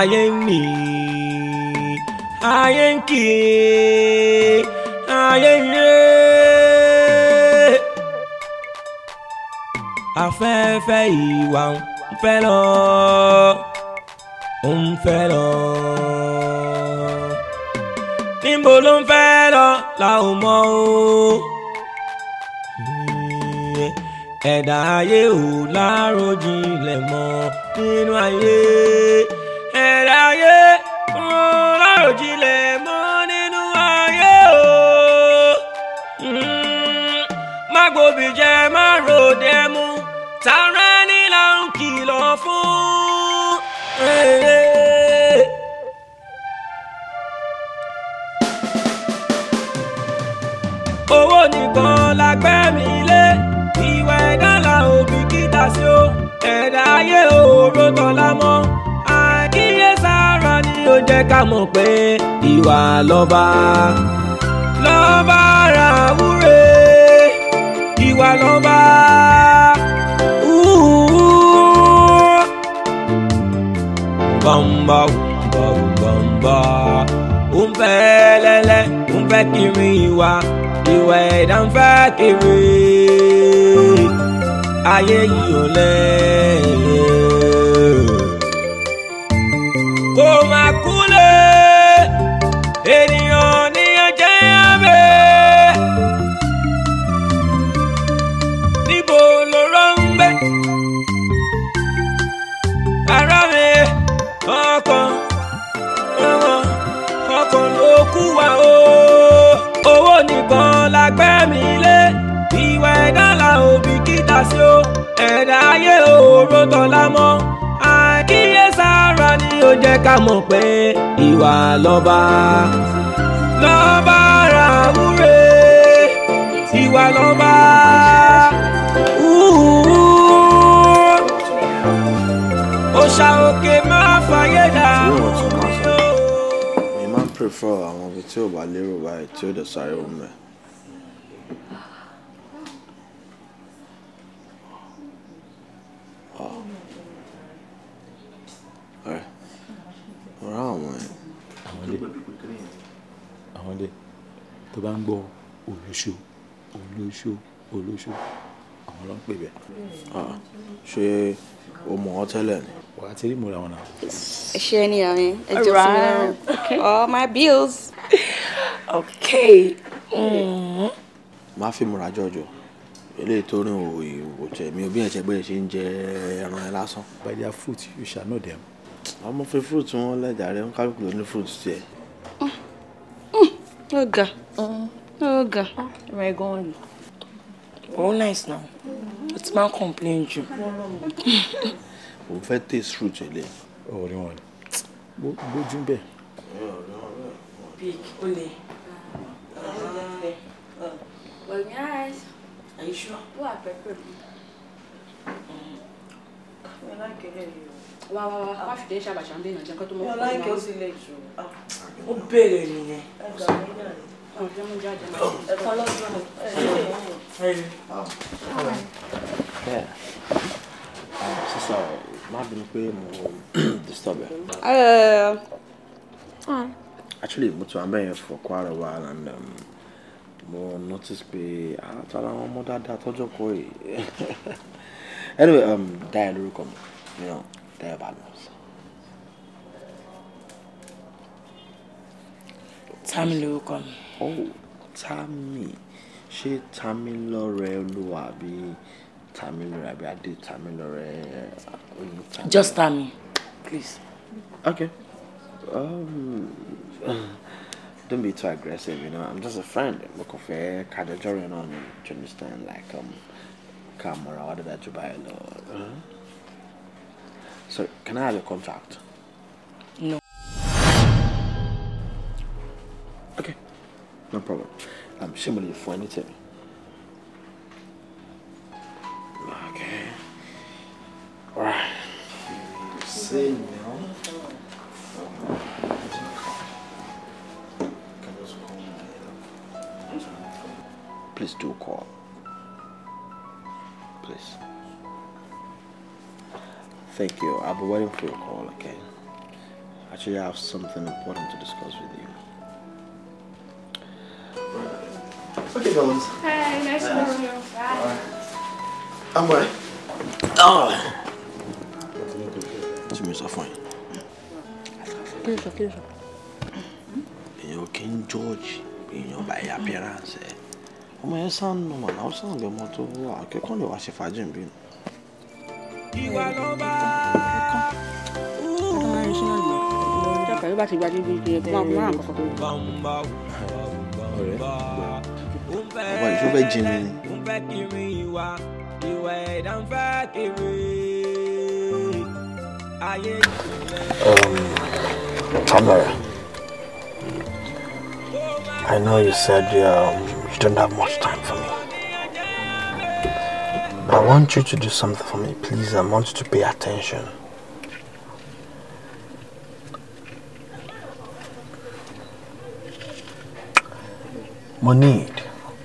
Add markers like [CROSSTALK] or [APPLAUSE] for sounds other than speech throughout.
ayéǹnì ayéǹkì ayéǹyé. afẹ́fẹ́ ìwà ń fẹ́ lọ ń fẹ́ lọ. níbo ló ń fẹ́ lọ la ò mọ̀ o. ẹ̀dá ayé ò láròjinlẹ̀ mọ́ nínú ayé. la gbẹ́ mi lé ìwẹ̀ gánà òbíkítà sí o ẹ̀dá ayé òòró tọ́lá mọ́ àkíyèsára ni ó jẹ́ ká mọ̀ pé ìwà lọ́ba lọ́ba ara wúre ìwà lọ́ba. Bamba, bamba, bamba, un pelele, un pe kiri wa ìwà ẹ̀dá ń fà kéré ayé yìí ò lẹ́yìn kó má ògo lágbẹ́ mi lé ìwà ẹ̀dá la ò bìkítà sí o ẹ̀dá ayé òòró tọ́lá mọ́ àkíyèsára ni ó jẹ́ ká mọ̀ pé ìwà lọ́ba lọ́ba ra wúre ìwà lọ́ba. Ọ̀ṣà prefer àwọn ibi tí ò bá lérò báyìí tí ó dẹ̀ sáré omi bá ń gbọ́ olóṣó olóṣó olóṣó àwọn ló ń pè bẹ́ẹ̀. Ah, ṣé o mọ̀ ọ́ tẹ́lẹ̀ ni. wà á ti rí ìmúra wọn náà. ṣé ni àwọn ẹ jọ sí mi lọ́rùn all my bills. okay. Mm-hmm. má fi múra jọjọ eléyìí tó rìn òwò jẹ mi ò bí ẹ̀jẹ̀ bẹ́ẹ̀ ṣe ń jẹ ẹran ẹ lásán. by fruit you shall know ọmọ fi fruit wọn lẹ́jà rẹ̀ ń kálukú ló ní fruit tiẹ̀. Mm ọ̀gá ọ̀gá. ẹ̀rọ ẹ̀gán rè. òun nice now It's ti máa ń complain jù. o fẹ́ taste fruit ẹ̀lẹ́ ọ̀rẹ́ wọn ni gbójú ń bẹ̀. Pick olè. Well, nice. Are you sure? What are pepper? Mm. like it wá wá wá wá fìdí ṣe àbàṣà ń bèèyàn jẹ́ kó tó mọ̀ fún wa. ọlá ìkẹ́ ó sì lè jù ó bẹ̀rẹ̀ nìyẹn. ọ̀dọ́ máa ah, bínú pé mo disturb ẹ. Ah. actually mo ti wà bẹ́ẹ̀ yẹn for quite a while and um, mo notice pé àtàlà àwọn ọmọ dáadáa tọ́jọ́ kọ́ yìí [LAUGHS] anyway um, dáyà lórúkọ mi. You know. 대해봤노서 Tami lorúkọ mi. Ó Tami ṣé Tami lọ́rẹ́ olúwa àbí Tami lọ́rẹ́ àbí Adé Tami lọ́rẹ́ oyin Tami. Just Tami, please. Okay. Um, [SIGHS] don't be too aggressive, you know. I'm just a friend. Mo kàn fẹ́ kájọjọ́ rẹ̀ náà ni, do you understand? Like, um, kàmọ́ra, wàá dọ̀dọ̀ àjùbáyé lọ. Uh-huh. So, can I have your contact? No. Okay, no problem. i Um, Shimbali, for anything. Okay. Alright. Say no. Please do call. Please. Thank you. I'll be waiting for your call, okay? Actually, I have something important to discuss with you. Okay, fellas. Hey, nice to meet you. Bye. I'm ready. Oh. Jimmy, so fine. Kí ló sọ, kí ló sọ. Èèyàn King George, èèyàn by appearance. I'm eh? yẹn sàn nù mọ̀ náà, ó sàn lè mọ tó wà. Akẹ́kọ̀ọ́ lè wá ṣe fàájì bí nù. ìwà um, Tamara, I know you said um, you don't have much time for me. I want you to do something for me, please. I want you to pay attention. Monid,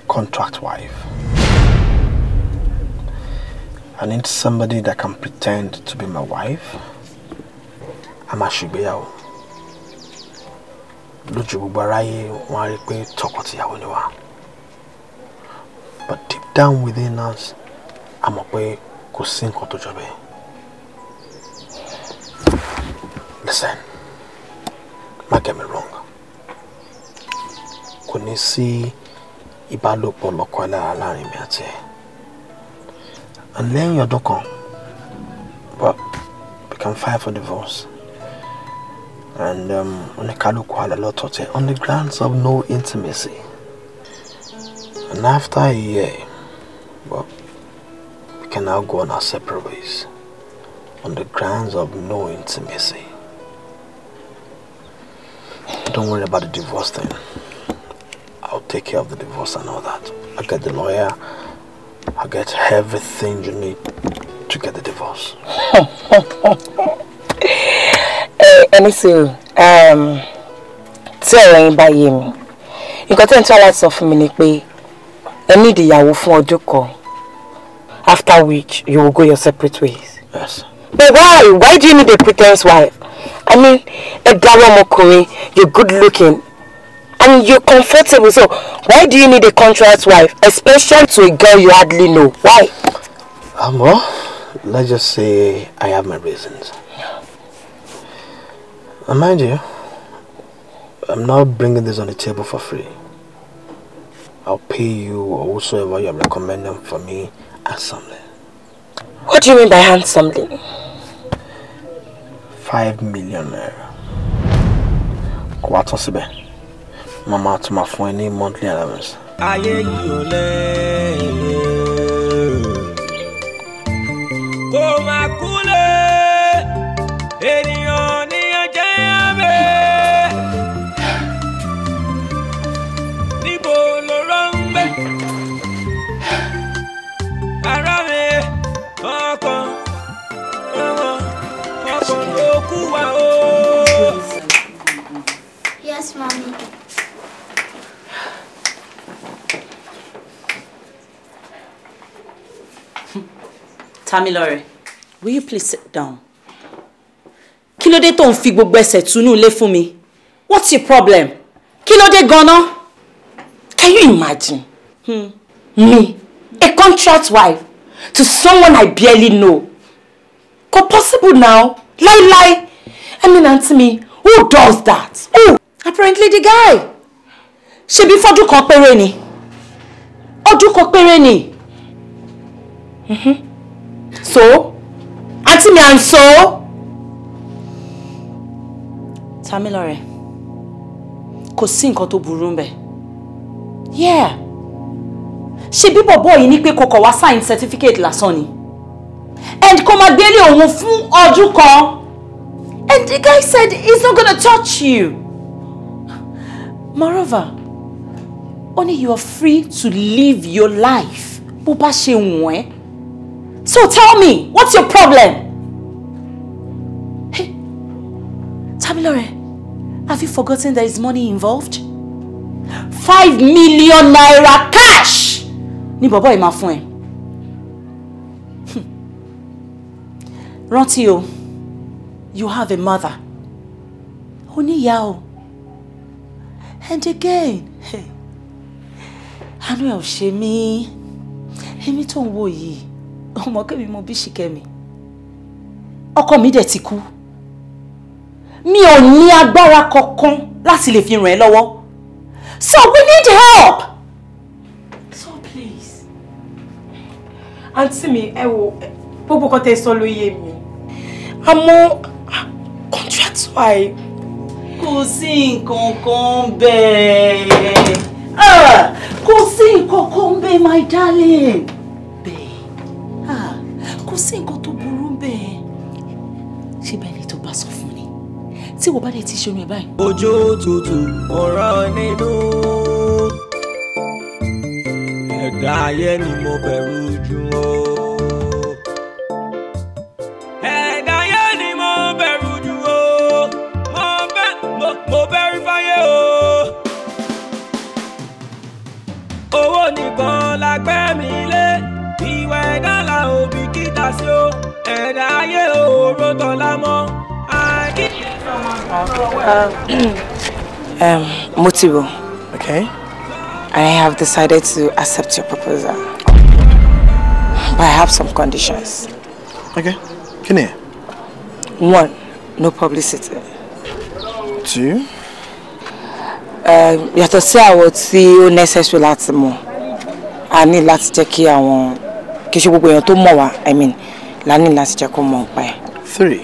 contract wife. I need somebody that can pretend to be my wife. I'm a shibeo. lójú gbogbo aráyé wọn á but deep down within us a mọ̀ pé kò sí nǹkan tó jọ bẹ́ẹ̀. listen má get me wrong kò ní sí ìbálòpọ̀ lọ́kọ lára láàrin mi àti ẹ̀ and lẹ́yìn ọdún kan but we can file for divorce and um, oníkálukú alẹ́ lọ́tọ̀ọ̀tẹ̀ on the grounds of no intimacy and after a year well, can now go on our separate ways on the grounds of no intimacy. Don't worry about the divorce thing. I'll take care of the divorce and all that. I'll get the lawyer. I'll get everything you need to get the divorce. [LAUGHS] Enisu, um, tí ọ̀rọ̀ yín bá yé mi, nǹkan tẹ́ of tọ́ láti sọ fún mi ni pé ẹ ní ìdíyàwó fún ọdún after which you will go your separate ways. Yes. But why? Why do you need a pretense wife? I mean, a Dawamokuri, you're good looking, and you're comfortable. So why do you need a contrast wife, especially to a girl you hardly know? Why? Um, well, let's just say I have my reasons. And mind you, I'm not bringing this on the table for free. I'll pay you or whosoever you're recommending for me Handsomely. What do you mean by handsomely? Five million naira. Quarter wá Mama, síbẹ̀. Màmá tún máa monthly allowance. Familore, will you please sit down? Kilode ló dé tó ń fi gbogbo ẹsẹ̀ túnú ilé fún mi? What's your problem? Kilode ló Can you imagine? Hmm. Me, a contract wife, to someone I barely know. Kò possible now. Lie lie. I mean, answer me. who does that? Who? Apparently the guy. She Ṣebí fọ́dún kan péré ni. Ọdún kan péré ni. Mm-hmm. So? Auntie me and so? Tamilore, kò sí nǹkan tó burú ńbẹ̀. Yeah. Ṣé bí bọ̀bọ̀ yìí ní pé kò kọ̀ wá sign certificate lásán ni? And kò máa gbélé òun fún ọdún kan. And the guy said he's not gonna touch you. Moreover, only you are free to live your life. Bó bá ṣe wọ̀n ẹ́. So tell me, what's your problem? Hey, Tamilore, have you forgotten there is money involved? Five million naira cash! Ni bàbá yìí máa fún you have a mother. Ó ní ìyá And again, hey, Anu ẹ̀ shemi. ṣe mí. Èmi tó ọmọ kẹ́mi mo bí ṣìkẹ́mi ọkọ mi dẹ̀ ti kú mi ò ní agbára kankan láti lè fi ràn ẹ́ lọ́wọ́ so we need help. so please àǹtí mi ẹ wo gbogbo kan tẹ sọ ló yé mi àmọ́ contract wa kò sí nǹkan kan bẹ́ẹ̀ ah, kò sí nǹkan kan bẹ́ẹ̀ my darling. tí wò bá dẹ̀ ti ṣerun ẹ̀ báyìí. ojú tútù ọ̀rọ̀ nínú ẹ̀dá ayé ni mo bẹ̀rù jù ọ́. ẹ̀dá ayé ni mo bẹ̀rù jù ọ́ mo bẹ̀rù fáyé o. la gbẹ́ mi lé ìwà ẹ̀dá la òbí kíta sí tọ́lá mọ́. Uh, [CLEARS THROAT] um, Motibo. Okay. I have decided to accept your proposal. But I have some conditions. Okay. Can you? One, no publicity. Two. You um, Yàtọ̀ sí àwọn tí ó necessary láti mọ̀, a ní láti jẹ́ kí àwọn kì í ṣe gbogbo èèyàn tó mọ̀ wá, I mean, la ní láti jẹ́ kó mọ̀ pa Three.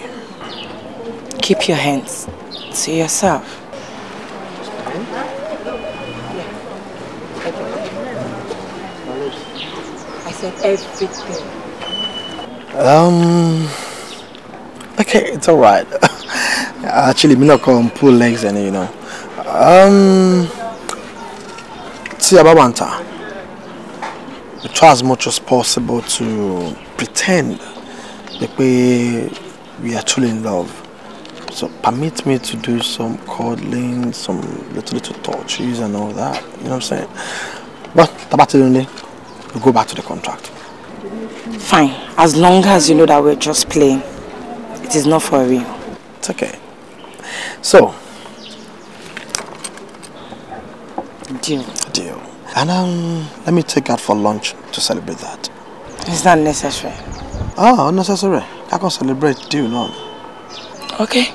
Keep your hands to yourself. I said everything. Um. Okay, it's all right. [LAUGHS] Actually, me not come pull legs and you know. Um. See about Try as much as possible to pretend that we we are truly in love so permit me to do some cuddling, some little little touches and all that. You know what I'm saying? But Tabatilunde, we go back to the contract. Fine. As long as you know that we're just playing. It is not for real. It's okay. So deal. Deal. And um let me take out for lunch to celebrate that. It's not necessary. Oh, unnecessary. I can celebrate deal, no. Okay.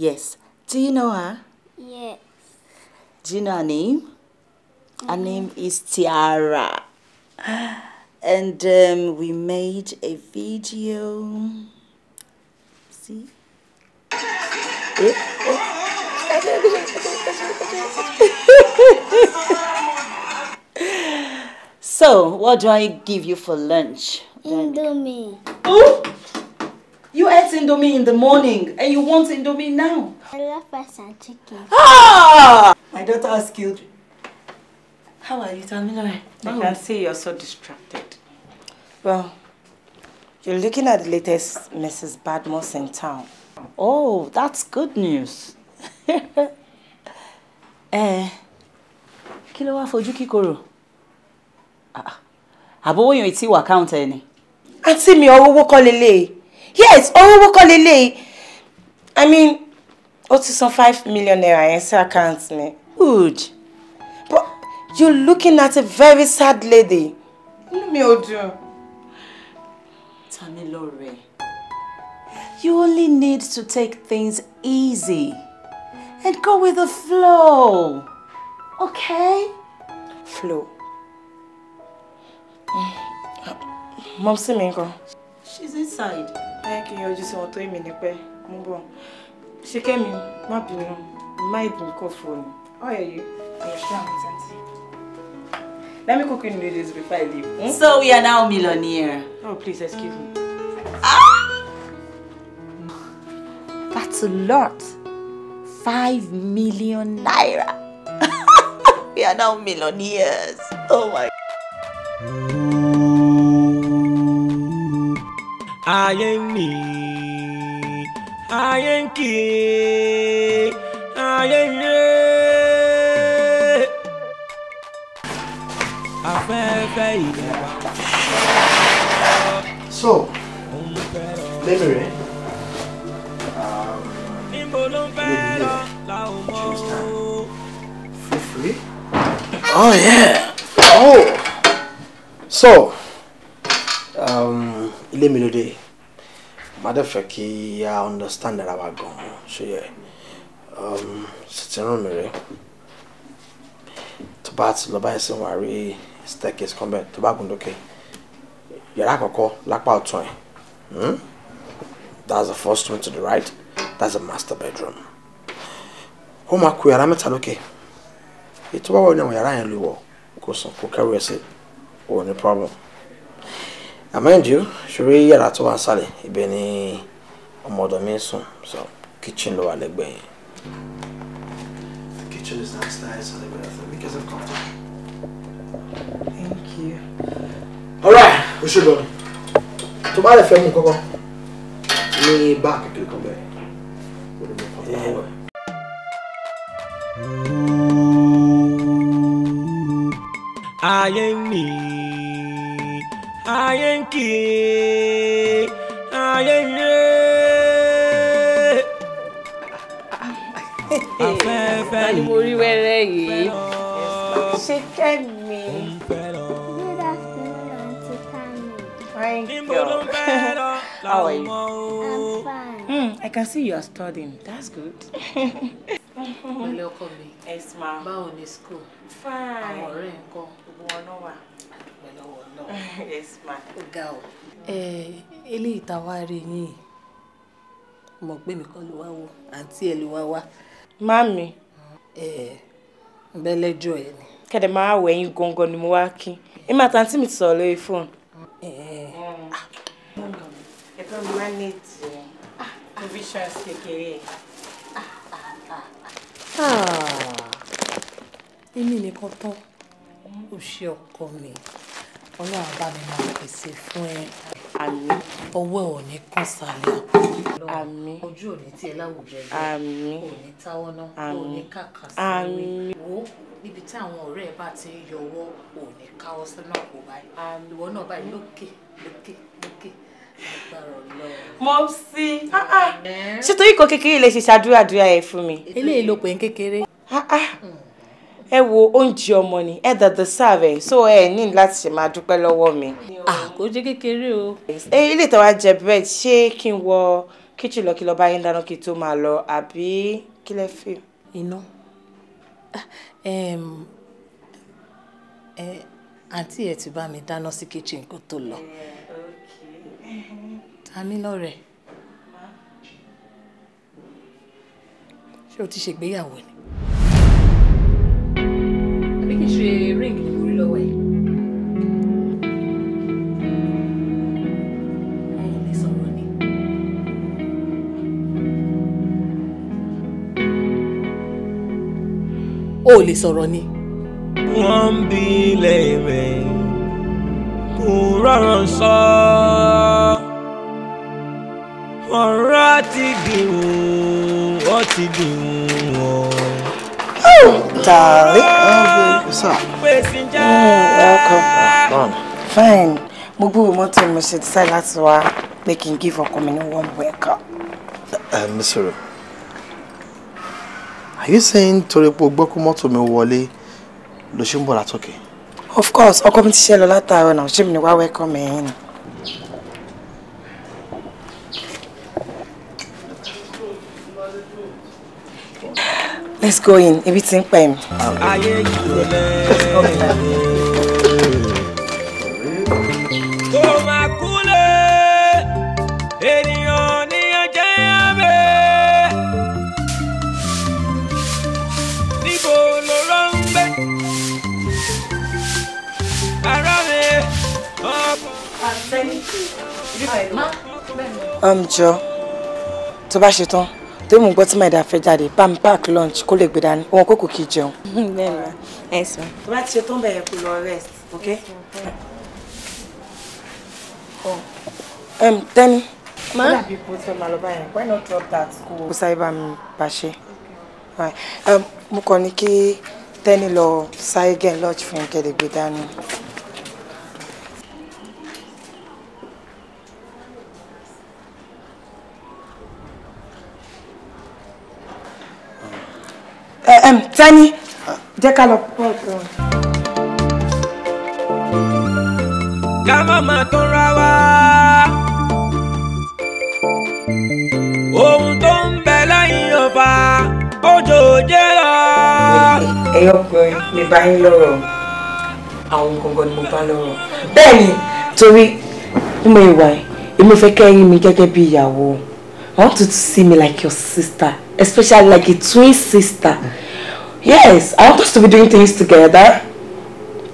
Yes. Do you know her? Yes. Do you know her name? Her mm-hmm. name is Tiara. And um, we made a video. See? [LAUGHS] so, what do I give you for lunch? Indomie. Ooh. You ate indomie in the morning and you want indomie now. I love rice and chicken. Ah! My daughter has killed. How are you, Tamilore? I can see you're so distracted. Well, you're looking at the latest Mrs. Badmoss in town. Oh, that's good news. [LAUGHS] Eh, kí ló wá Ah, abo Àbówó yẹn ti wà káùntẹ̀ ni. Àǹtí mi owo owó kọ́ lélẹ́yìí. yes owó owó kọ́ lélẹ́yìí i mean what is some five millionaire? naira yẹn sí account mi but you looking at a very sad lady inú mi ò dùn. Tamilore you only need to take things easy and go with the flow okay. flow. Mm. Mom, see me, She's inside. ẹ kì í yọjú sí wọn tó èmi ní pẹ́ mú bọ̀ ṣé kẹ́mi má bínú má ìbùn kò fóònù how are you i'm sure let me cook you noodles before i leave. Hmm? so we are now millionaire. oh please excuse me. ah that's a lot five million naira [LAUGHS] we are now millionaires oh my. Mm I ni me. I ayen key. I ilẹ̀ you. so lẹ́nu rẹ̀ níbo free. oh yeah oh so. Um, ilé mi ló dé a understand ara wa gan-an ṣe yẹ sitting room rẹ tó bá ti lọ báyìí sí wọn àrí staircase kan bẹ́ẹ̀ tó bá gùn lókè yàrá àkọ́kọ́ lápá hmm? that's the first room to the right that's a master bedroom ó máa kó yàrá mẹ́ta lókè ètò bá wà ní àwọn yàrá yẹn lè wọ̀ kó sàn kó kẹ́rù ẹ̀ sí òun problem mind you ṣòro yàrá tó wà ń sàlẹ̀ ibẹ̀ ni ọmọ ọ̀dọ̀ mi ń sùn so kitchen ló wà lẹ́gbẹ̀ẹ́ yẹn. The kitchen is downstairs and everything so because of comfort. Thank you. Alright, o ṣe lọ. Tó bá lè fẹ́ mú kọ́kọ́ ní bá kékeré kan bẹ́ẹ̀. Ayé mi ayéǹkì ayéǹlé. afẹ́fẹ́ ni mo rí wẹ́rẹ́ yìí. ṣé kẹ́mi. Thank you. How are you? I'm fine. Mm, I can see you are studying. That's good. [LAUGHS] Pẹ̀lú ọkọ mi. Yes, ma. Báwo ni school? Fine. I'm ọ̀rẹ́ ńkọ́? Gbogbo wọn náà wà. [LAUGHS] yes ma. ó ga ọ. eléyìí tá a wá rí yín mọ̀ pé mi kọ́ ló wá wo àǹtí ẹ̀ ló wá wá. Mami. bẹ́ẹ̀ lẹ́jọ́ ẹ ni. kẹ́dẹ̀ máa wẹ̀ yín gangan ni mo wá kí èmi àtàǹtí mi ti sọ̀rọ̀ lórí fóònù. ẹ fẹ́ manage ah, ah. provisions kékeré ah, èmi nìkan tán ó ṣe ọkọ mi ọlọ́run á bá mi máa pèsè fún ẹ. àmín. ọwọ́ ò ní kàn sálẹ̀ àpò. àmín. ojú ò ní tiẹ̀ láwùjọ jẹ. àmín. ò ní táwọ́ náà. àmín. ò ní kàkà sí i. àmín. wo níbi tí àwọn ọ̀rẹ́ ẹ bá ti ń yọwọ́ ò ní káwọ́ sínú àpò báyìí. àmín. ìwọ náà báyìí lókè lókè lókè mọ́sí ṣètò ikọ̀ kékeré lè ṣe ṣàdúrà dúrà ẹ̀ fún mi. eléyìí ló pè ń kékeré. Ah, ah. Hmm ẹ wo oúnjẹ ọmọ ni ẹ dàda sáàbẹ̀ so ẹ ní láti ṣe máa dúpẹ́ lọ́wọ́ mi. àkójọ kékeré o. ilé ìtawà jẹ bread ṣé kí n wọ kíchìn lọ kí lọ bá yín dáná kí n tó máa lọ àbí kí lẹ fi. iná àǹtí ẹ̀ ti bá mi dáná sí kíchìn kó tó lọ tàmí lọ́rẹ̀ ṣé o ti ṣègbéyàwó ni bí kì í ṣe ring ni mo rí o lè sọ̀rọ̀ ni. wọ́n ń bi ilé rẹ̀ kò rọrùn sọ ọ̀rọ̀ ti dìrò ó ti dìrò. tààrí. What's up? Mm, Fine. Mo gbúrò mọ́tò mo ṣe decide láti wá pé kí give ọkọ mi ní one welcome. Uh, Miss are you saying to the people who pé to mi wọlé the ṣe ń bọ̀ Of course, ọkọ mi ti ṣe lọ látàárọ̀ náà ṣé mi welcome ẹ̀yìn Let's go in. Ibi tí ń pè mí. Ayé yìí lè. Kò máa tó mú gbọ́ tí màdà fẹ́ jáde bá pack lunch kó lè gbé dání wọn kò kò kì í jẹun. [LAUGHS] bẹ́ẹ̀ ma ẹ sọ. tó bá ti ṣe tó ń bẹ̀rẹ̀ ma ó dàbí ipò tí o máa why not drop that school. kò sáré bá mi bá ṣe mo kàn ní kí tẹ́ni lọ lunch gẹ̀ lọ́ọ̀jì fún Tani jẹ́ ká lọ pọ̀ pọ̀. ká má máa tún ra wá ohun tó ń bẹ lẹ́yìn ọba ọjọ́ òjẹ́ lọ. ẹyọ ọkùnrin mi bá yín lọ́rọ̀ àwọn gangan ni mo bá lọ́rọ̀ bẹ́ẹ̀ ni torí bí mo ìwà ẹ̀ èmi fẹ́ kẹ́ rí mi gẹ́gẹ́ bí ìyàwó I want you to see me like your sister especially like a twin sister. Yes, I want us to be doing things together.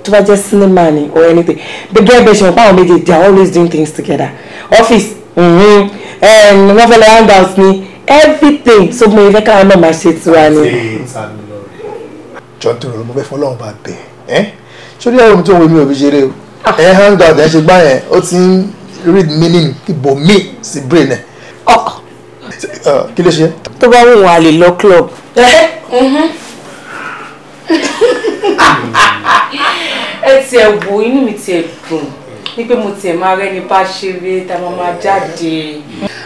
To be just money or anything. The girl based on power they are always doing things together. Office, mm-hmm. and novel handouts me. Everything. So mo ife can handle my shit tiwa ni. John tó rọrùn mo fẹ́ fọlọ́run bá bẹ̀ ẹ́. Sórí ẹ̀rọ mi tó wo mi ò fi ṣeré o. Ah. Ẹ handout ẹ ṣe gbá yẹn Read meaning, ń read me, ibòmíì brain Oh. Ah, kí ló ṣe. tó bá wù wọn a lè lọ club. Eh, mhm. ẹ tiẹ̀ wo inú mi tiẹ̀ dùn ní pé mo tiẹ̀ máa rẹ́ni bá ṣeré tá a máa máa jáde.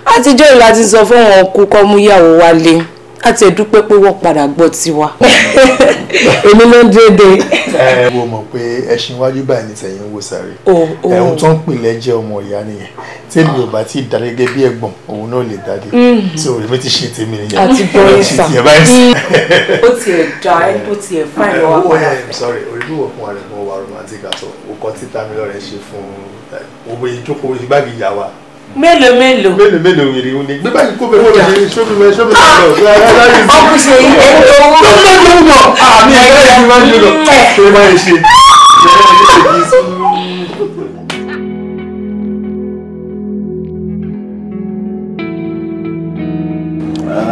àtijọ́ ìlà ti sọ fún wọn kú kọ́ mú yàwó wálé a ti dúpẹ́ pé wọ́n padà gbọ́ tiwa [LAUGHS] èmi ló ń dédé. ẹ wo mọ̀ pé ẹṣin iwájú báyìí ni tẹ̀yìn ń wò sáré ẹ̀hún tó ń pìlẹ̀ jẹ́ ọmọ ìyá nìyẹn tèmi ò bá ti dá gẹ́gẹ́ bí ẹ̀gbọ́n òun náà lè dádé mm-hmm. so èmi ti ṣe tèmi nìyẹn àti bọ́yìn sà ó tiẹ̀ dá ó tiẹ̀ fáìn lọ́wọ́ oh, padà fẹ́. sorry olùdíwọ̀ fún wa rẹ̀ mọ́ wa romantic àtọ̀ òkọ́ títà mi lọ́rẹ̀ ṣe fún òwe ìjókòó ìgbàgìyà wa mélòó mélòó. mélòó mélòó wèrè òní bí báyìí kó bẹ̀rẹ̀ wọ́n mi sóbi mi sóbi mi lọ. ọkùnrin ṣe yí ẹni tó wú. tó ló ló wọ àmì ẹgbẹ́ yẹn máa ń lò lọ. Mm-hmm. ṣé o máa ń ṣe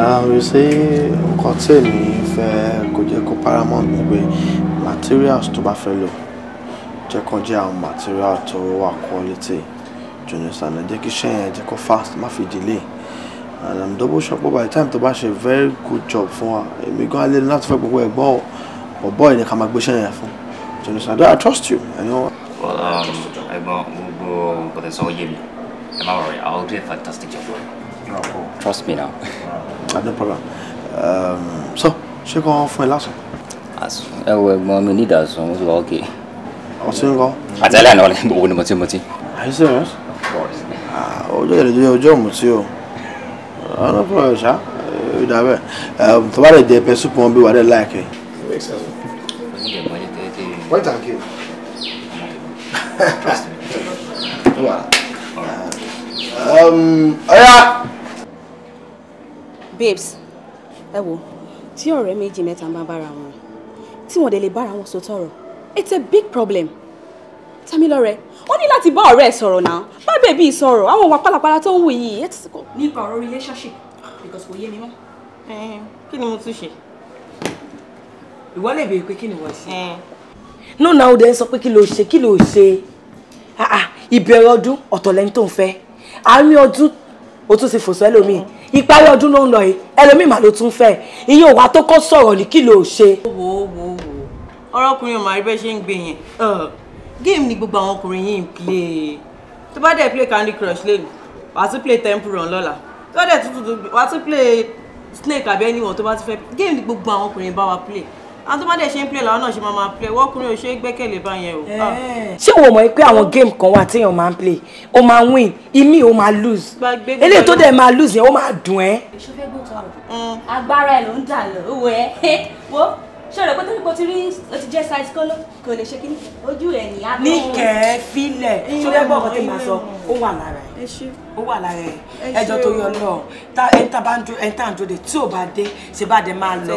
àrùn ah, sí nǹkan tí èmi fẹ́ kó jẹ́ kó paramọ́ mi pé materials tó bá fẹ́ lò jẹ́ kó jẹ́ àwọn material tó wà quality jọ̀nù sànà jẹ́ kí iṣẹ́ yẹn jẹ́ kó fast má fi delay and i'm double sure pé by the time tó bá ṣe very good job fún wa èmi gan alẹ́ ní láti fẹ́ gbogbo ẹ̀ gbọ́ ọ̀ bọ́ ẹ̀ ní ká máa gbé iṣẹ́ yẹn fún jọ̀nù sànà i trust you i know. well um, gbogbo ọ̀pọ̀tẹ̀ sọ yé mi ẹ má worry i will do a fantastic job for you. Oh, trust me now. Ah, no problem um, so ṣé kí wọ́n fún ẹ lásán. ẹ wo ẹ̀gbọ́n mi ní ìdásùn ó ti wá ókè. ọtí ń kọ́. àtẹlẹ àná wọn ni mo ti mo ti. are you serious course. Ah, ọjọ́ ah, eh, ìrìn eh, tó yẹ ọjọ́ ìmùtí o ọ̀nà fún ọ̀rọ̀ ṣá ìdá bẹ́ẹ̀ tó lè jẹ pẹ́ súpù bí wàá dẹ̀ láìkẹ́. ọ̀yá. babes ẹ wo tí ọ̀rẹ́ méjì mẹ́ta bá bára wọn tí wọ́n dẹ̀ lè bára wọn sọ tọrọ it's a big problem. Tẹ́milọ́rẹ́ ó ní láti bá ọ̀rẹ́ ẹ̀ sọ̀rọ̀ náà bá bèbí sọ̀rọ̀ àwọn òwà pálapàla tó ń wù yìí ẹ ti sọ. nípa ọ̀rọ̀ relationship because kò yé mi mọ́. kí ni mo tún ṣe. ìwọ lè béèrè pé kí ni wọ́n ṣe. no na ọdẹ ń sọ pé kí ló ṣe kí ló ṣe ah, ah, ìbẹ̀rẹ̀ ọdún ọ̀tọ̀ lẹ́ni tó ń fẹ́ àárín ọdún o tún ti fòsọ ẹlòmíì ìparí ọdún ló ń lọ yìí ẹlòmíì mà ló tún fẹ́ ìyẹn òwà tó kọ́ sọ̀rọ̀ ní kí ló ṣe. wo wo wo ọ̀rọ̀ ọkùnrin ò máa rí bẹ́ẹ̀ ṣe ń gbé yẹn game ni gbogbo àwọn ọkùnrin yìí ń play tó bá dẹ̀ play candy crush lẹ́nu wàá tún play temple run lọ́la tó bá dẹ̀ tuntun wàá tún play snake àbí ẹni wọn tó bá ti fẹ́ game ni gbogbo àwọn ọkùnrin bá wa play àwọn tó bá dẹ̀ ṣe ń play làwọn náà ṣe máa máa play wọ́kùnrin ò ṣe é gbẹ́kẹ̀lé báyẹn o. Ah. ṣé wo mọ̀ pé àwọn game kan wà téèyàn máa ń play o máa win imi o máa lose eléyìí tó dẹ̀ máa lose yẹn o máa dùn ẹ́. Mm. agbára ẹ̀ ló ń dà lọ́wọ́ ẹ̀ [LAUGHS] wo ṣé o rẹ̀ pé tó ní kò ti rí o ti jẹ́ size kóló kò lè ṣe kíní ojú ẹ̀ ní abẹ́ òun. ní kẹ́ẹ́fílẹ̀ ṣó fẹ́ bọ̀ ọ̀tẹ̀ máa sọ ó wà lára ẹ̀ ó wà lára ẹ̀ ẹjọ́ torí ọlọ́ọ̀ ta ẹ̀ńtà bá ń dúró ẹ̀ńtà ń dúró de tí ò bá dé ṣe bá dé máa lọ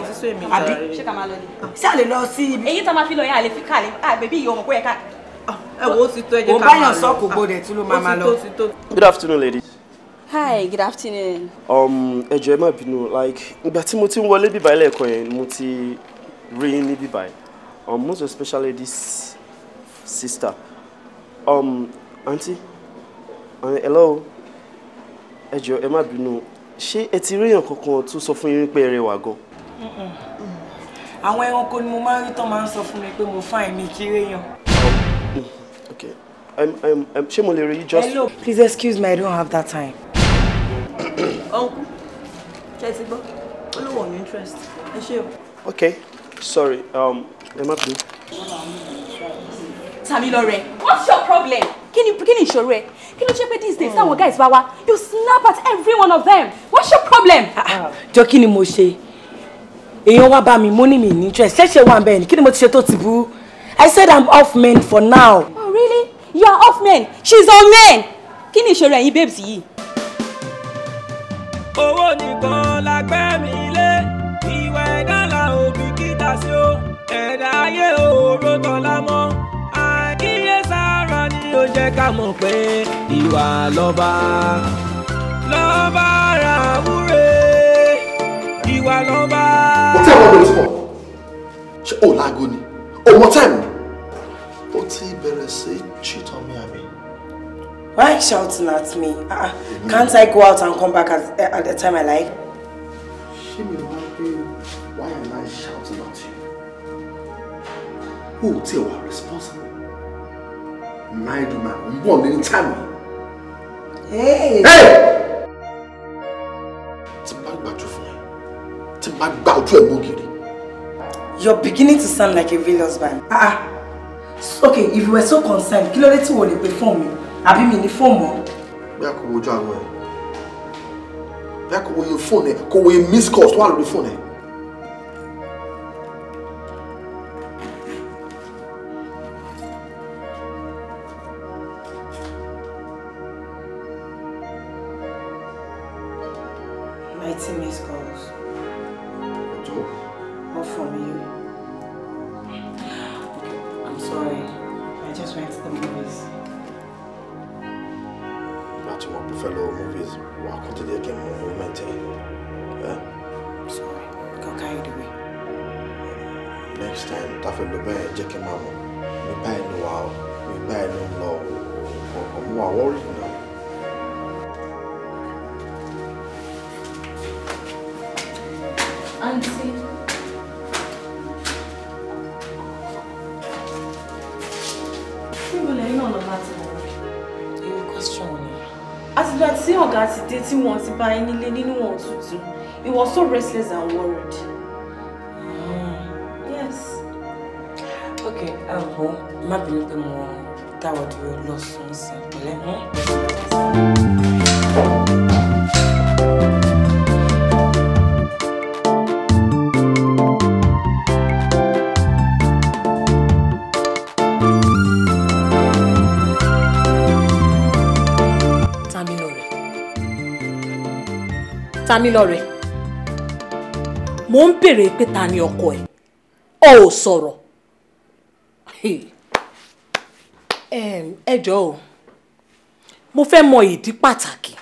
àbí ṣé ká máa lọ ni. ṣé a lè lọ sí ibi. èyí tó máa fi lọ yẹn a lè fi ká lè à bèbí ìyá ọmọ kó yẹ ká. Ah, ẹ wo ti tó ẹjẹ ká máa lọ. òbáyàn sọ́ọ̀kù Good afternoon, ladies. Hi, good afternoon. Um, ẹ jọ̀ọ́ ẹ má bínú like ìgbà tí mo ti ń wọlé bíbá ilé yẹn mo ti Really, níbí báyìí um, most especially this sister um, auntie. uh, hello ẹ jọ̀ọ́ ẹ má bínú ṣé ẹ ti ríyàn kankan tó sọ fún yín pé ẹ rẹwà gan. àwọn ẹranko ni mo máa ń rí tán máa ń sọ fún mi pé mo fáìn mi kí ríyàn. Um, mm, okay um, um, um, ṣé mo lè rí just. hello please excuse me i don't have that time. [COUGHS] uncle ṣe ti gbọ́ olówó ní interest ẹ ṣé o. okay sorry um, ẹ má bínú. Tamilore what's your problem? Can you, kí ni ìṣòro Can you ló ṣe pé these days táwọn guys bá you snap at every one of them what's your problem? Ah, ah, Joking, kí ni mo ṣe èèyàn wá bá mi mo mi interest ṣẹ̀ṣẹ̀ wà bẹ́ẹ̀ ni kí ni mo ti ṣe I said I'm off men for now. Oh really? You are off men. She's on men. Kí ni ìṣòro ẹ̀yin babes yìí? Owó nìkan la padà sí o ẹ̀dá ayé òòró tọ́lá mọ́ àkíyèsára ni ó jẹ́ ká mọ̀ pé ìwà lọ́ba lọ́ba ra wúre ìwà lọ́ba. mo tẹ́ ọmọ bẹ̀rẹ̀ sọ̀rọ̀ ṣé o láago ni o mọ táìmù o ti bẹ̀rẹ̀ sí cheat on àbí. Why are you shouting at me? Uh, can't I go out and come back at, at the time I like? Who ò tiẹ̀ wà responsible My do ń bọ̀ ní táàmì. tí Hey. Hey. gbàjú fún ẹ tí n bá gba you're beginning to sound like a real husband. Ah, ah okay if you were so concerned kí ló dé tí wò lè pe fóònù mi àbí mi ní fóònù ọ. bí a kò wojú àwọn ẹ bí Could kò miss calls tó wà lórí fóònù missed calls. Two? All from you. I'm sorry. I just went to the movies. Láti mọ̀ pé fẹ́ lọ movies wà kó tó jẹ́ kí n mọ movement ẹ̀. Sorry, got carried away. Next time, tá a fẹ́ lọ bẹ́ẹ̀ jẹ́ kí n máa mọ̀. Mi báyìí ló wà ó, mi báyìí ló ń lọ ó. Ọmọ wa o mi bayii lo n láti dé tí wọ́n ti bá yín nílé nínú wọn òtútù he was so restless and worried. Hmm. yes. okay àbò má bínú pé mo dáwọ́ dúró lọ́sùn sí pẹ̀lẹ́. Hmm? mí lọ́rẹ̀ mò ń béèrè pé ta ni ọkọ ẹ̀ ọ ò sọ̀rọ̀ ẹ jọ̀ọ́ o mo fẹ́ mọ ìdí pàtàkì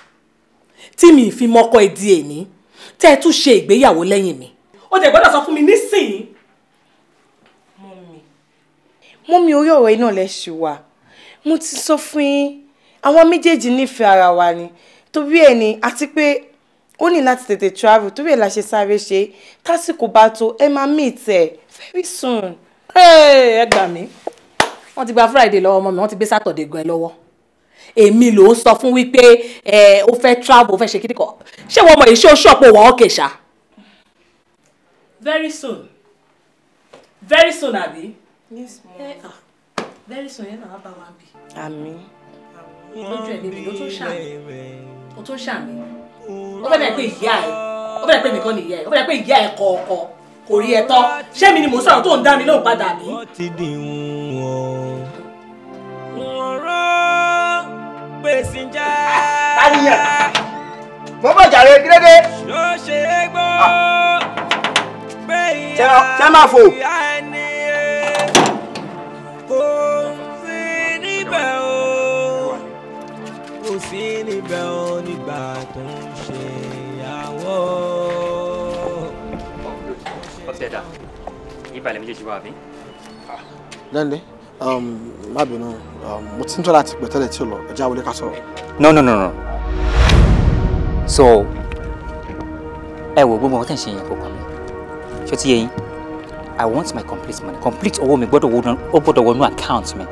tí mi fi mọ́kọ ẹ̀ di èní tẹ́ ẹ tún ṣe ìgbéyàwó lẹ́yìn mi. ó dẹ̀ gbọ́dọ̀ sọ fún mi nísìnyí. mọ́mí orí ọ̀rọ̀ iná lẹ ṣì wà mo ti sọ fún yín àwọn méjèèjì nífẹ̀ẹ́ ara wa ni torí ẹ̀ ni àti pé ó ní láti tètè travel torí ẹ̀ la ṣe sáré ṣe tásìkò bá tó ẹ máa meet ẹ very soon. ẹ gbà mí wọ́n ti gba Friday lọ́wọ́ ọmọ mi wọ́n ti gbé Saturday gan ẹ lọ́wọ́ èmi ló ń sọ fún wípé ẹ ó fẹ́ travel ó fẹ́ ṣe kíkọ́ ṣé wọ́n mọ̀ èyí ṣé ó ṣọ̀pọ̀ wọ́n ọ̀kẹ́ ṣá. very soon very soon àbí. yes ma. Eh, ah, very soon yẹn náà bá wa bì. àmín. lójú ẹ̀ lèmi ló tún ṣàmì ó tún ṣàmì ó fẹ́ dà pé ìyá ẹ̀ ó fẹ́ pé nìkan nìyá ó fẹ́ pé ìyá ẹ̀ kọ̀ọ̀kọ̀ kò rí ẹ tọ́ ṣé mi ni mò ń sọ̀rọ̀ tó ń dá mi lóhùn padà bí. taniyan ah, mo bọ̀ jàre kílódé. Ah. ṣé máa fò. sí níbẹ̀ onígbà tó ń ọ̀tẹ̀dà ìbàlẹ̀ méjèèjì wà bí. Ah, lẹ́ni um, má bínú um, mo ti ń tọ́ láti pẹ̀ tẹ́lẹ̀ tí o lọ ẹja wọlé ká sọ̀rọ̀. no no no no so ẹ wo gbogbo ọtí ń ṣe yẹn kó pa mi ṣé ti yẹ i want my complete money complete owó mi gbọ́dọ̀ wọnú ó gbọ́dọ̀ wọnú account mi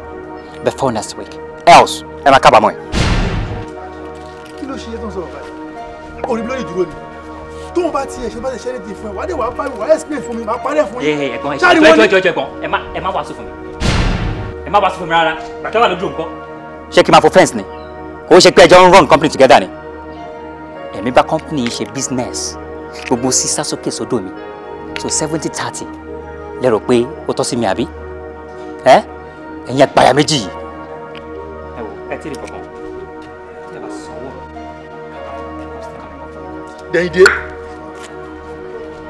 before next week else ẹ máa kábàámọ̀ ẹ. kí ló ṣe é tó ń sọ̀rọ̀ báyìí orí mi lórí ìdúró ni tóun bá tiẹ̀ ṣe bá ṣe ṣẹ́ni ti fún ẹ wàá dé wàá bá mi wàá explain fún mi màá parẹ́ fún yín. ẹ ẹ̀gbọ́n ẹ jọ jọ ẹ̀gbọ́n ẹ má ẹ má wàásù fún mi ẹ má wàásù fún mi rárá bàtà wà lójú nǹkan. ṣé kí n máa fọ fẹ́ǹsì ni kò ó ṣe pé ẹjọ́ ń run company together ni èmi bá company yìí ṣe business gbogbo sísá sókè sódò mi so seventy thirty lérò pé ó tọ́ sí mi àbí ẹ ẹ̀yin àgbàyà méjì yìí. ẹ wò ẹ tí ì rí kankan tí ẹ bá sanwó.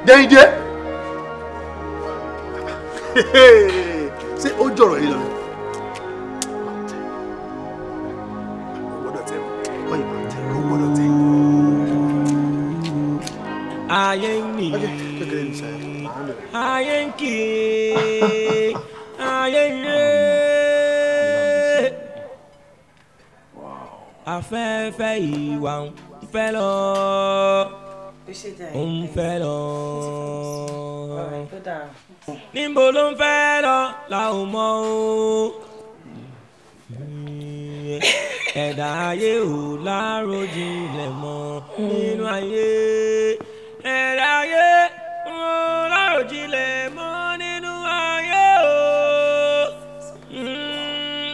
Dénjé ṣé ó jọ̀rọ̀ yìí lọ ni. ayé ń mi ayé ń kì ayé ń lé afẹ́fẹ́ ìwà ń fẹ́ lọ òun fẹ́ lọ. níbo ló ń fẹ́ lọ la ò mọ̀ o. ẹ̀dá ayé ò láròjinlẹ̀ mọ́ nínú ayé. ẹ̀dá ayé ò láròjinlẹ̀ mọ́ nínú ayé o. Hmm.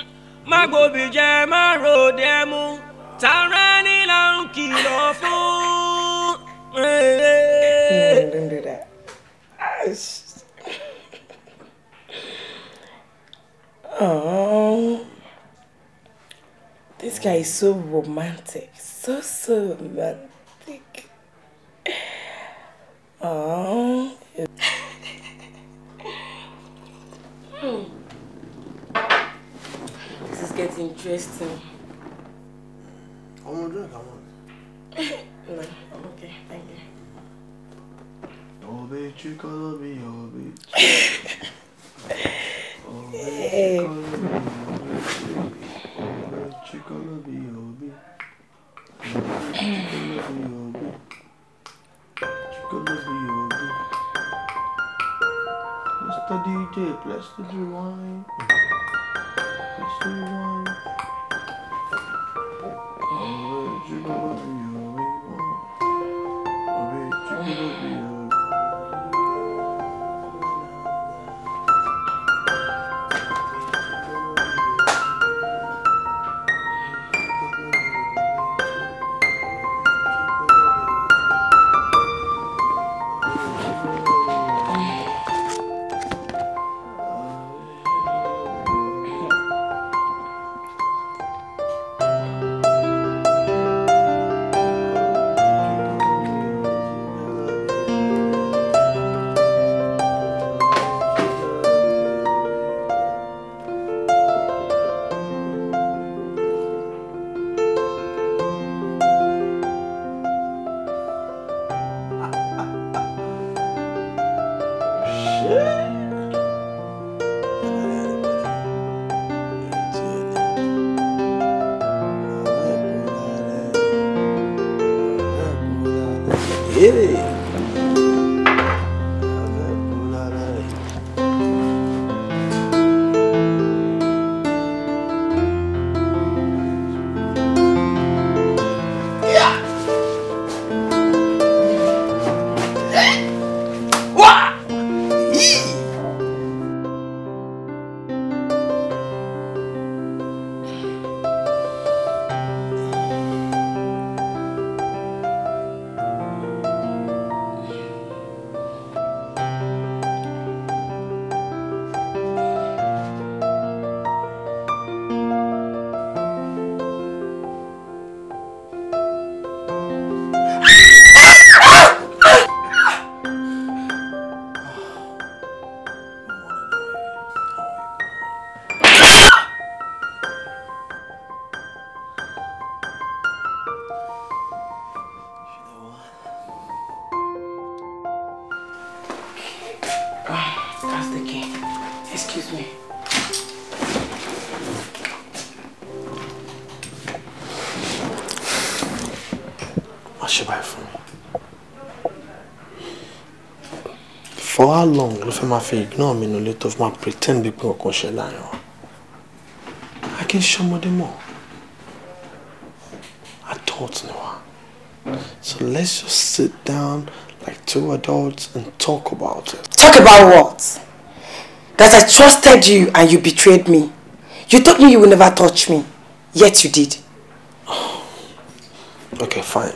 má gbòbí jẹ́ má ròde mú tààrà ní là ń kìlọ̀ fún don't do that. Oh, this guy is so romantic, so so romantic. Oh. this is getting interesting. I'm gonna drink, I'm gonna. [LAUGHS] I'm okay. Thank you. Oh, bitch, you call me, oh, bitch. oh, bitch, you call me, oh, bitch. you call me, oh, bitch. Oh, bitch, you call me, oh, bitch. You call me, oh, bitch. DJ, bless the rewind. for how long ló fẹ́ máa fi ignore mi nulẹ̀ tó fi máa pretend bí pé ọkàn ṣe láàrin I a kì í ṣọmọdé mọ́ adult ni wa so let's just sit down like two adults and talk about it. talk about what? that I trusted you and you betrayed me you told me you would never touch me yet you did. okay fine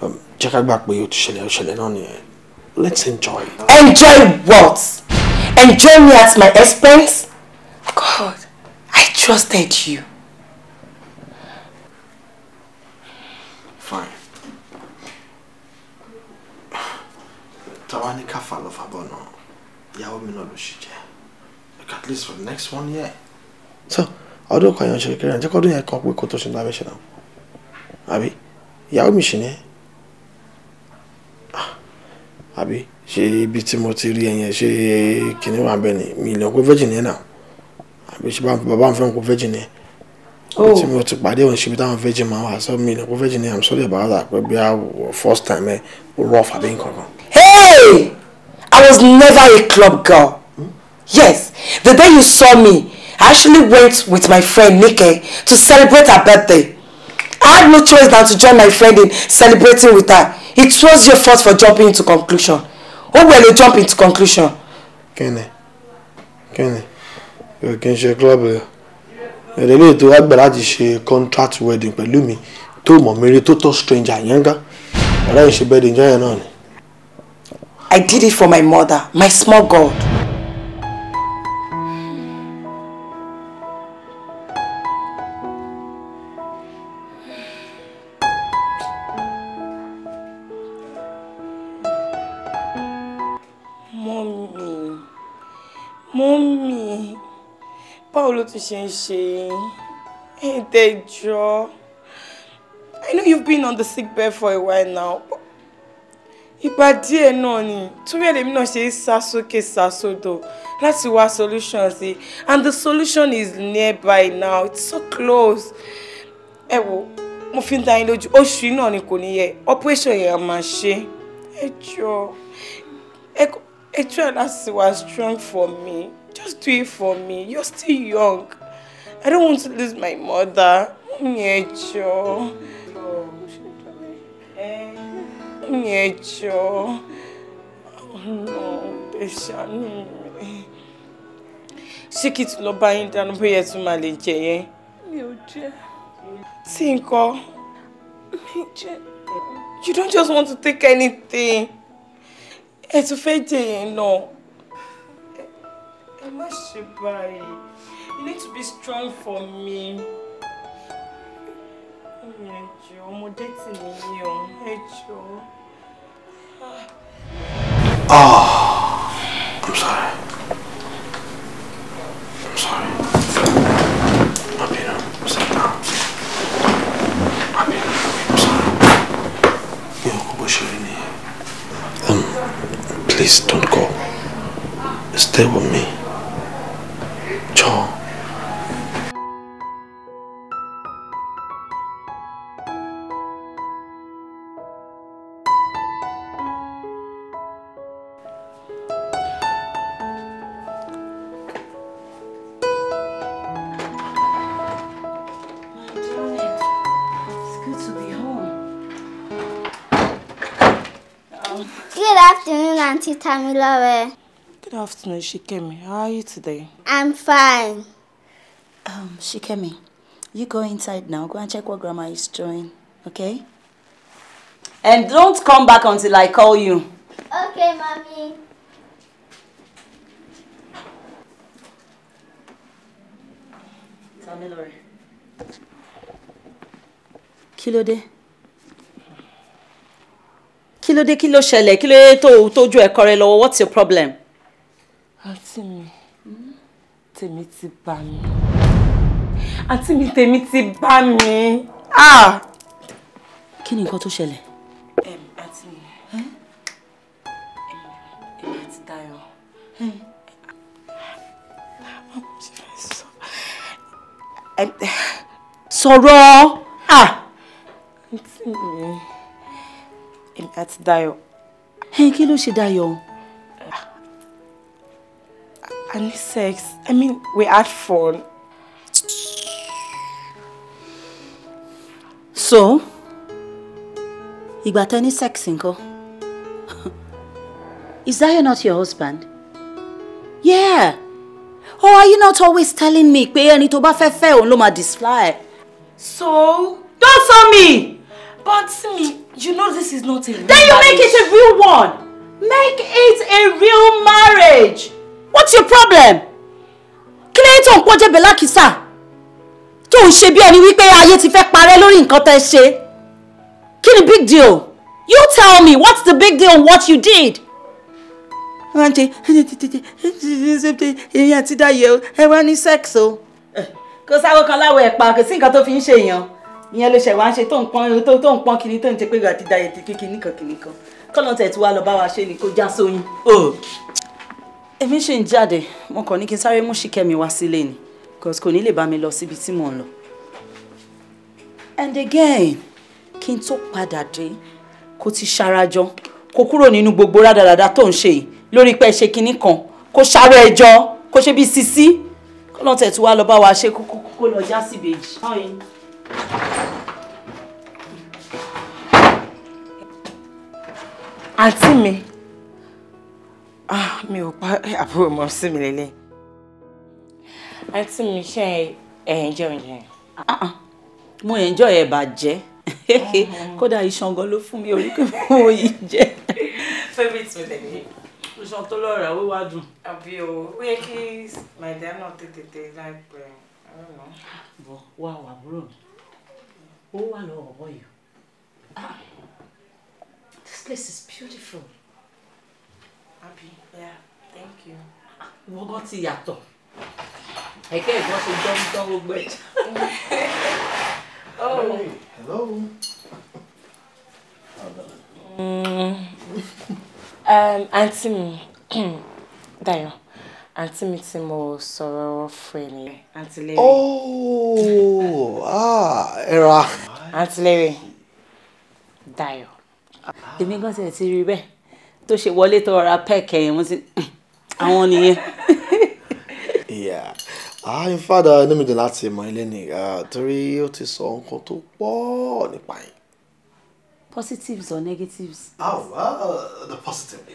um, jẹ́ ká gbà pé o ti ṣẹlẹ̀ o ṣẹlẹ̀ náà nìyẹn let's enjoy it. Enjoy what? Enjoy me at my expense? God, I trusted you. Fine. Tawani kafa lọ fàbọ̀ náà, ìyàwó mi náà ló ṣì jẹ́. at least for the next one year. So, ọdún kan yẹn ṣe kéré ẹ̀ jẹ́ kọ́dún yẹn kan pé kó tó ṣe lábẹ́ ṣe náà. Àbí ìyàwó mi ṣì ní. Ah, àbí ṣé ibi tí mo ti rí ẹyẹn ṣé kìnìún wà ni mi ìlànà pé virgin yẹn náà àbí ṣe bàbá mi fẹ́ràn pé virgin yẹn oh. tí mo ti pàdé òun ṣe bí táwọn virgin máa wà sọ mi ìlànà pé virgin yẹn i'm sorry about that pé bí i first time ẹ rough àbí nǹkan kan. hey i was never a club girl hmm? yes the day you saw me i actually went with my friend Nike to celebrate her birthday. I had no choice than to join my friend in celebrating with her. It was your fault for jumping into conclusion ó wẹ̀ ló jump into conclusion. kíni kíni yóò kí n ṣe club rẹ èdè lè tó wá gbà láti ṣe contract wedding pẹ̀lú mi tó mọ̀ mèrè tó tọ́ stranger yẹn gá ọ̀rẹ́ ìṣe bẹ́ẹ̀ dé ìjọ yẹn náà ni. I did it for my mother my small God. báwo ló ti ṣe ń ṣe yín I know you've been on the sick bed for a while now ìgbà díẹ̀ náà ni torí ẹ̀ lèmi náà ṣe é sá sókè sá sódò láti wá solution sí and the solution is nearby now it's so close ẹ wo mo fi ń dá yín lójú oṣù yìí náà ni kò ní yẹ operation yẹn a máa ṣe ẹ jọ ẹ try láti wá strong for me. Just do it for me. You're still young. I don't want to lose my mother. Nyecho. Nyecho. Oh no, they shall ṣé kí tí lọ bá yín dáná bóyá tún máa lè you don't just want to take anything. It's a fẹ́ jẹ yẹn náà má you need to be strong for me. ẹjọ́ ọmọdé tì mí ní ọ ẹjọ́. Ah, I'm sorry. I'm sorry. Papino, sit down. Papino, I'm sorry. Mi ò kò bó ṣe rí Um, please don't go. Stay with me. Auntie Tamilore. Good afternoon, Shikemi. How are you today? I'm fine. Um, Shikemi, you go inside now. Go and check what Grandma is doing, okay? And don't come back until I call you. Okay, Mommy. Tamilore. Kí ló kí ló dé kí ló ṣẹlẹ̀ kí ló dé tó tójú ẹ̀kọ́ rẹ lọ́wọ́ what's your problem. àǹtí mi tèmi ti bá mi àǹtí mi tèmi ti bá mi. Ah! kí ni nǹkan tó ṣẹlẹ̀. àǹtí mi èmi àti Dayọ̀ sọ̀rọ̀. Ah! àǹtí mi èmi àti Dayọ̀. ẹ̀yin kí ló ṣe Dayọ̀? Ah, I need sex. I mean, we had fun. so ìgbà tẹ ní sex nǹkan [LAUGHS] is Dayọ̀ not your husband? yeah. Oh, are you not always telling me pé ẹni tó bá fẹ́ fẹ́ òun ló máa disfly? So, don't tell me! But me, you know this is not a real Then you marriage. make it a real one. Make it a real marriage. What's your problem? Kí lẹ́yìn tó ń pọ́jẹ́ Bẹ̀lákísà? Tó ń ṣe bí ẹni wípé ayé ti fẹ́ parẹ́ lórí nǹkan tẹ́ ṣe. Kí big deal? You tell me what's the big deal on what you did? Wọ́n ṣe èyí àti dáyẹ̀ o, ẹ wá ní sex o. Eh, kò sáwọ́ kan láwọ̀ ẹ̀pà, kò sí nǹkan tó fi ń ṣèyàn ìyẹn ló ṣe wá ń ṣe tó ń pọn tó tó ń pọn kiri tó ń ṣe pé àti dayẹ ti kíkiní kan kiri kan kọ́nà tẹ̀ tí wàá lọ bá wa ṣe ni kó já sóyún. èmi ṣì ń jáde mo kàn ní kí n sáré mú ṣìkẹ́mi wá sílé ni cause kò ní lè bá mi lọ síbi tí mò ń lọ. and again kí n tó padà dé kó ti ṣarajọ kó kúrò nínú gbogbo rádaràda tó ń ṣe yìí lórí pé ṣe kinní kan kó ṣàárọ̀ ẹjọ́ kó ṣe bí sisi kọ́nà tẹ̀ tí wàá lọ bá wa ṣe kó lọ já síbejì àǹtí mi ah, mi ò pa àbúrò mọ́ sí mi lélẹ̀ àǹtí mi ṣe ẹ̀yìn jẹun yẹn. Ah, ah. mo enjoy ẹ̀ bàjẹ́ [LAUGHS] kódà ìṣàngán ló fún mi orí kò fún òyì jẹ. favourite mi lẹ́yìn. ìṣàn tó lọ rà wíwá dùn. àbí o ó yẹ kí màdìá náà tètè dé láìpẹ́. Eh, bọ̀ wá wà àbúrò mi. Oh wà lọ́wọ́ ọ̀bọ ah this place is beautiful. Happy. yeah thank you. ìwọ gan ti yàtọ̀ ẹ̀kẹ́ ìgbọ́n ṣe dán-dán gbogbo ẹ̀. [LAUGHS] oh. hello. Mm. Hello. [LAUGHS] um, àǹtí mi [CLEARS THROAT] Dayọ̀ àǹtí mi tí mo sọ̀rọ̀ fún ẹ nìyẹn àǹtí lérè. ooo oh, ẹ̀ra. [LAUGHS] Ah, àǹtí lérè Dayọ̀. èmi gan tẹ̀ ti rí bẹ́ẹ̀ tó ṣe wọlé tó rọra pẹ́ẹ̀kẹ́ yẹn mo ti àwọn nìyẹn. Ah, in fact, uh, inú mi dùn láti mọ ilé ni uh, torí ó ti sọ nǹkan tó pọ̀ nípa yín. Positives or negatives? Oh, uh, the positive.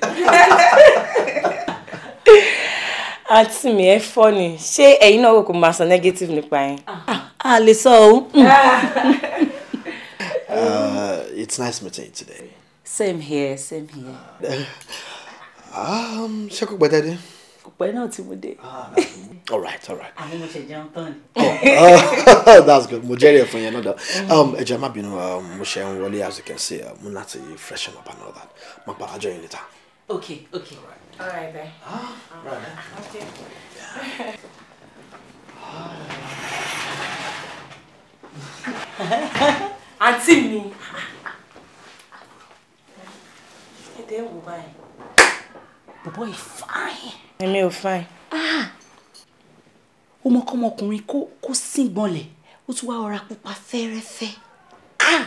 [LAUGHS] àǹtí mi ẹ fọ́ ni ṣé ẹ̀yin náà kò máa sọ negative nípa yẹn. Ah, a lè sọ o. Uh, it's nice meeting you today. same here same here. Um, ṣé kò pẹ́ dẹ́dẹ́. kò pẹ́ náà tí mo dé. Ah, all right all right. àwọn mo ṣe jẹun tán ni. Oh, uh, [LAUGHS] that's good mo jẹ́rìí ẹ̀ fún yẹn náà mm. um, ẹ jẹ́ má bínú um, mo ṣe ń wọlé as you can see mo láti freshen up and all that mo padà jọ yín okay okay. All right, babe. Huh? Um, right. Okay. [LAUGHS] Yeah. àǹtí mi ẹ̀dẹ̀ wò báyìí bọ̀bọ̀ yìí fáìn. èmi ò fáìn. Ah. ọmọkọ́mọkùnrin kó kó síngbọnlẹ̀ ó tún wá ọ̀rá pupa fẹ́rẹ́fẹ́ ah!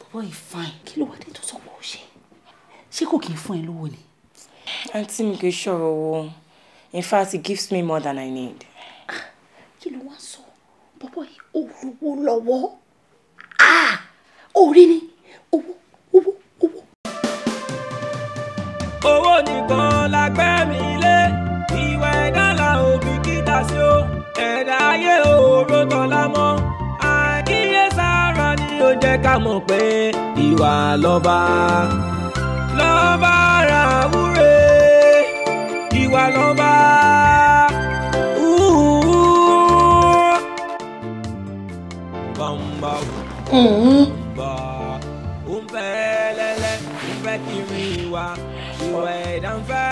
bọ̀bọ̀ yìí fáìn kí ló wá dé tó sọ pé ó ṣe ṣé kò kí n fún ẹ lówó ni. Auntie, mi sure. in fact it gives me more than I need. Ah, kí ló wá sọ bọ́bọ́ oh, oh, oh, oh, oh, rí oh, owó oh, oh, oh, oh. la gbẹ́ mi lé ìwà ẹ̀dá la ò bìkítà sí o ẹ̀dá ayé òòró tọ́lá mọ́ àkíyèsára ni ó jẹ́ ká mọ̀ pé ìwà lọ́ba lọ́ba wa lọ́ba.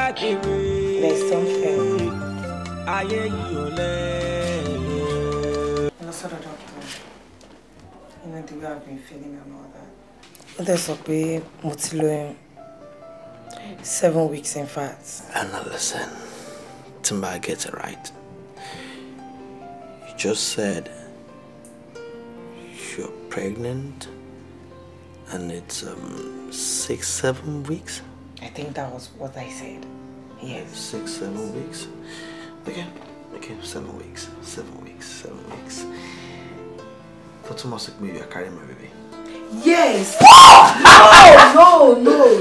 Mm-hmm. Ayé yìí ò lẹ́yìn. Lọ sọ́dọ̀ dọ́kítà. Inú ìdílé àgbẹ̀ ìfẹ́ nínú àwọn ọ̀dà. Ó dẹ̀ sọ pé mo ti lóyún. Seven weeks, in fact. Anna, listen. Timba gets it right. You just said you're pregnant and it's um, six, seven weeks? I think that was what I said. Yes. Six, seven weeks? Okay, okay, seven weeks, seven weeks, seven weeks. For two months, maybe I carry my baby. Yes. [LAUGHS] no, no, no,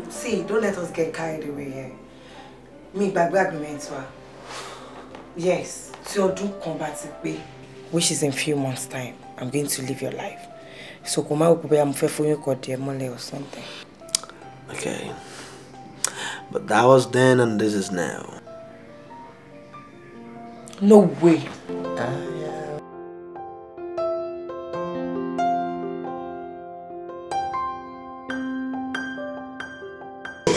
no. See, don't let us get carried away here. Mi gbàgbé agreement wa. Yes. So ọdún kan bá ti pé. Which is in few months time. I'm going to live your life. So kò máa wò pé mo fẹ́ fóyún kọ̀ díẹ̀ mọ́lẹ̀ or something. Okay. But that was then and this is now. No way. Uh,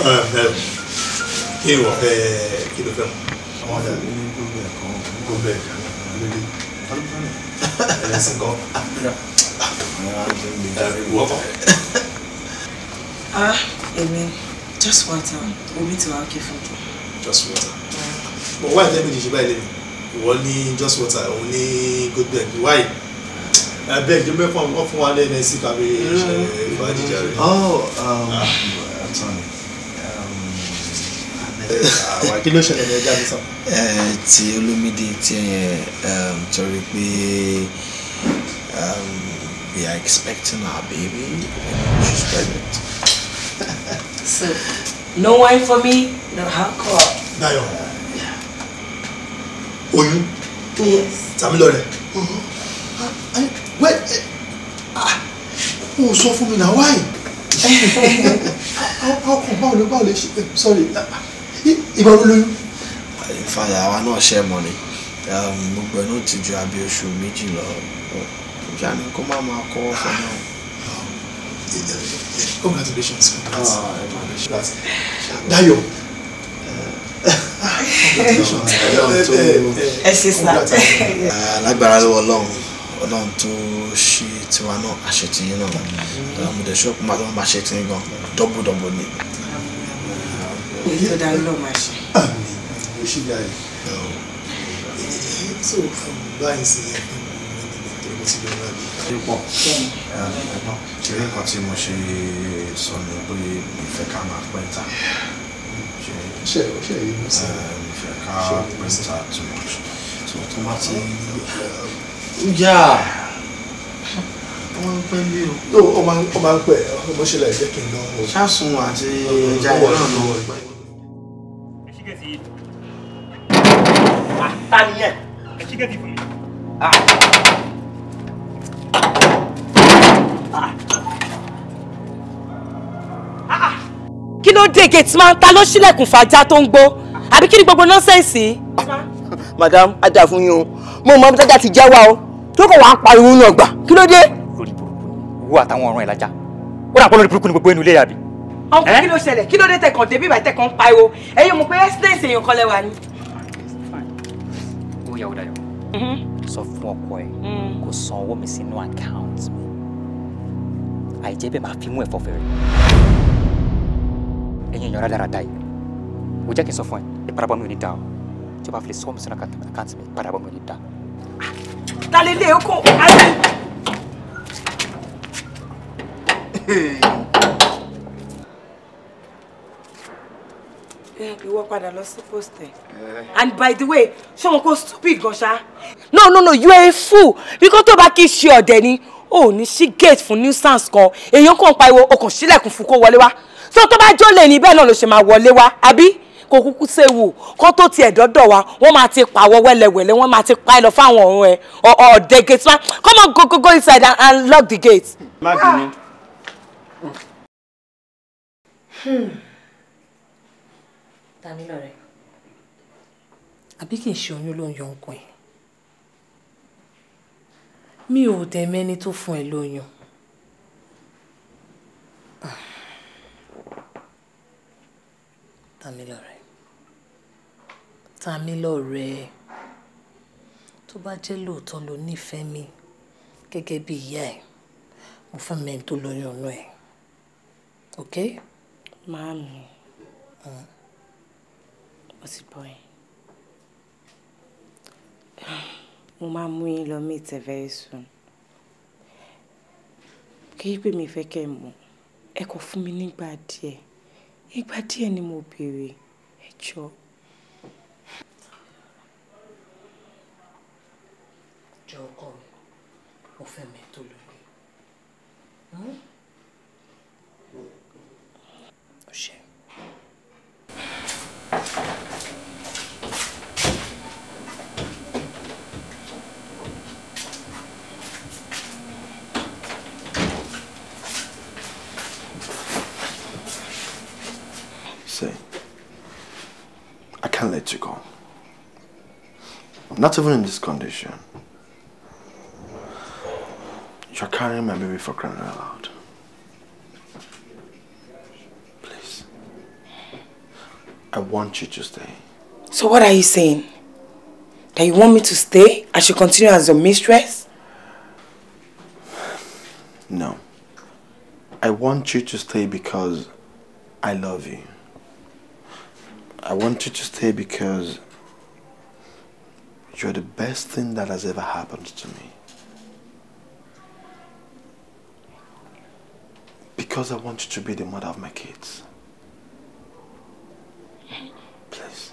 kí wọ́n fẹ́ kí ló fẹ́ mọ́. àwọn ọ̀dà ní gbogbo ẹ̀kọ́ gbogbo ẹ̀kọ́ lórí ẹlẹ́sìn kan. wọ́n kọ́. ah èmi just water omi ti wà á kí for mi. just water. bọ̀ wáyé lẹ́mi jìjì báyìí lẹ́mi ìwọ Only just water Only good òun ní goodberg wáyé abeg ah, jẹ́ mẹ́fà wọ́n fún wa lẹ́nu ẹ̀sìn kàwé mm. eh, ìfọ̀n jíjà rẹ̀. oh um, attorney kí ló ṣẹlẹ̀ ní ẹja sísan. ti olómìdé tí yẹn torí pé we are expecting our baby she's pregnant. so no wine for me no alcohol. Dayo oyún Tamilore wait o sọ fún mi na why how come báwo lè báwo lè ṣe sorry ìgbà wo lóyún. ìfàyà àwa náà ṣe mọ̀ ni gbogbo ẹ̀ náà ti ju àbí oṣù méjì lọ ìyá ni kó má máa kọ́ ọ̀fọ̀ náà. congratulations congratulations Dayo [LAUGHS] ẹ ṣe sá. alágbára lọ́wọ́ ọlọ́run ọlọ́run tó ṣe tiwa náà àṣetìyín náà mo dẹ̀ ṣọ́ọ̀pù máa tó máa ṣe tìyín gan dọ́bù ni èyí tó dáa lọ́ọ́ máa ṣe. àmín mo ṣì dáa yìí. so um, báyìí sí ẹ mo ti lọ rábí. púpọ̀ ẹ̀gbọ́n eré kan tí mo ṣe sọ ni pé ìfẹ́ ká máa pẹ́ ta ṣe ìfẹ́ ká pẹ́ ta too much so tó má ti um, yá wọ́n ń pẹ́ bí o. ó máa ń pẹ́ ọmọ ṣẹlẹ̀ jẹ́ kí n lọ. ṣáàsùn àti ẹja ìlànà lọ́wọ́ ìgbà Ah, ti. ta ni yẹn. ẹ chicken ti fún ah. Ah. ah. kí ló dé gate man ta ló ṣílẹ̀kùn fàájà tó ń gbó àbí kí ni gbogbo nọ́sẹ̀nsì. madam ajá fún yín o mo mọ abitaja ti jẹ́ wa o tó kọ̀ wá ń pariwo náà gbà kí ló dé. lórí burúkú wo àtàwọn ọ̀ràn ẹ̀ lajá ó dà pọ̀ lórí burúkú ni gbogbo ẹnu ilé yàrá ọkùn eh? kí ló ṣẹlẹ̀ kí ló dé tẹ̀kàn débi ìbàjẹ́ tẹ̀kàn pariwo ẹ̀yin mo pé ẹ́sídẹ̀ǹsì èèyàn kan lẹ́wà ni. ó yàwó dayọ̀ mhm. sọ fún ọkọ ẹ mm. kó san owó mi sínú àkáǹtì mi àìjẹ́ bẹ́ẹ̀ máa fi mú ẹ̀fọ́ fèrè ẹ̀yin èèyàn rádaràda yìí ó jẹ́ kí n sọ fún ẹ ìparapọ̀ mi ò ní da ọ tí o bá fi lè sọ mi sínú àkáǹtì mi ìparapọ̀ mi ò ní da. talele oko. Hey. [LAUGHS] ìwọ padà lọ sí post eh. and by the way ṣé wọn kò stupid gan ṣá. no no no you are a fool because tó bá kí í ṣe ọ̀dẹ̀ ni ò ní sí gate fún nuisance kan èèyàn kàn pariwo ọkàn sílẹ̀kùn fún kó wọlé wá so tó bá jó lè ní bẹ́ẹ̀ náà ló ṣe máa wọlé wá àbí kò kúkú séwu kó tó tiẹ̀ dọ́dọ̀ wa wọ́n máa ti pàwọ́ wẹ́lẹ̀wẹ̀lẹ̀ wọ́n máa ti pa ẹ lọ fáwọn ọ̀run ẹ ọ̀ọ́dẹ gate man come on go go go inside and, and lock the gate. má bínú. Hmm ta ní lọ́rẹ̀. àbí kì í ṣe oyún ló ń yọ ọkùn ẹ̀ mi ò tẹ̀ mẹ́ni tó fún ẹ lóyún. Tamilore Tamilore tó bá jẹ́ lóòótọ́ ló nífẹ̀ẹ́ mi gẹ́gẹ́ bí ìyá ẹ̀ mo fẹ́ mẹ́ni tó lóyún ọ̀nà ẹ̀ ok. Máàmì. Uh. Mm. Ó ti bọ́ yín. Mo máa mú yín lọ meet ẹ very soon. Kì í pè mí fẹ́ kẹ́ ẹ mọ̀. Ẹ kò fún mi nígbà díẹ̀. Ìgbà díẹ̀ ni mo béèrè. Ẹ jọ̀ọ́. Jọ̀ọ́ ọkọ mi, mo fẹ́ mi tó lórí. Hmm? Ó ṣe. political. I'm not even in this condition. You're carrying my baby for crying out loud. Please. I want you to stay. So what are you saying? That you want me to stay? I should continue as your mistress? No. I want you to stay because I love you. I want you to stay because you're the best thing that has ever happened to me. Because I want you to be the mother of my kids. Please.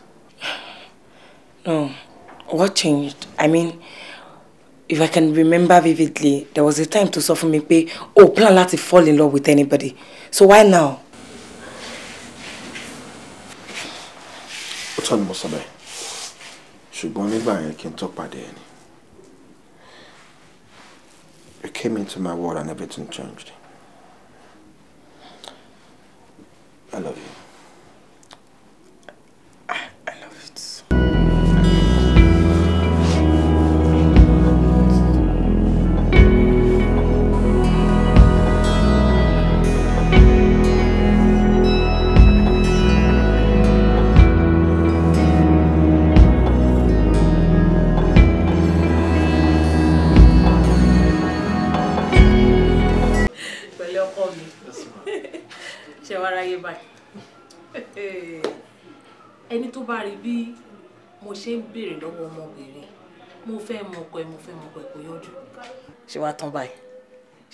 No. What changed? I mean, if I can remember vividly, there was a time to suffer me pay, oh, plan not to fall in love with anybody. So why now? lóòótọ́ ni mo sọ bẹ́ẹ̀ ṣùgbọ́n nígbà yẹn kí n tó pàdé ẹni you came into my world and everything changed I love you. báyìí [LAUGHS] ẹni tó bá rí bí mo ṣe ń béèrè lọ́wọ́ ọmọbìnrin mo fẹ́ mọ ọkọ ẹ mo fẹ́ mọ ọkọ ẹ kò yọjú. ṣé wàá tán báyìí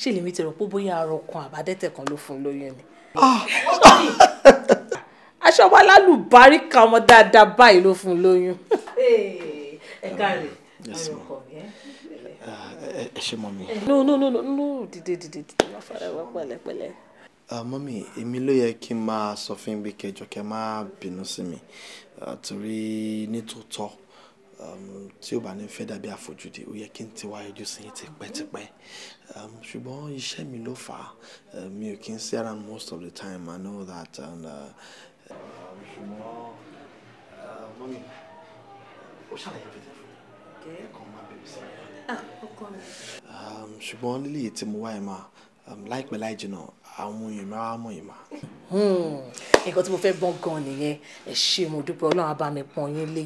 ṣé lèmi ti rò pé bóyá arọ kan àbádẹ́tẹ̀ kan ló fún un lóyún ni. [LAUGHS] aṣọ wa lálùbárí ka ọmọ dáadáa báyìí ló fún un lóyún. ẹ káre ayọ̀ kọ̀ mí ẹ́ ẹ ṣe mọ mi. no no no no dìde dìde dìde wá fara wá pẹ̀lẹ́pẹ̀lẹ́. Uh, mọ́mì èmi ló yẹ kí n máa sọ fún yín pé kẹjọ kẹ má bínú sí mi uh, torí nítòótọ́ um, tí ó bá ní fẹ́ dàbí àfojúdi ó yẹ kí n ti wá yọjú sí yín tipẹ́tipẹ́ um, ṣùgbọ́n iṣẹ́ mi ló fà á uh, mi ò kí n sí around most of the time I know that and um, ṣùgbọ́n mọ́mì ó ṣàlàyé fẹ́ tẹ̀ fún mi ẹ̀kọ́ máa bẹ̀rẹ̀ sí ah, i. ṣùgbọ́n lílì tí mo wá máa. Um, like láì jìnnà àwọn èèyàn máa wá mọ̀ yín mà. Hmm, nǹkan tí mo fẹ́ gbọ́n gan nìyẹn ẹ ṣé mo dúpẹ́ ọlọ́run á bá mi pọ́n yín lé.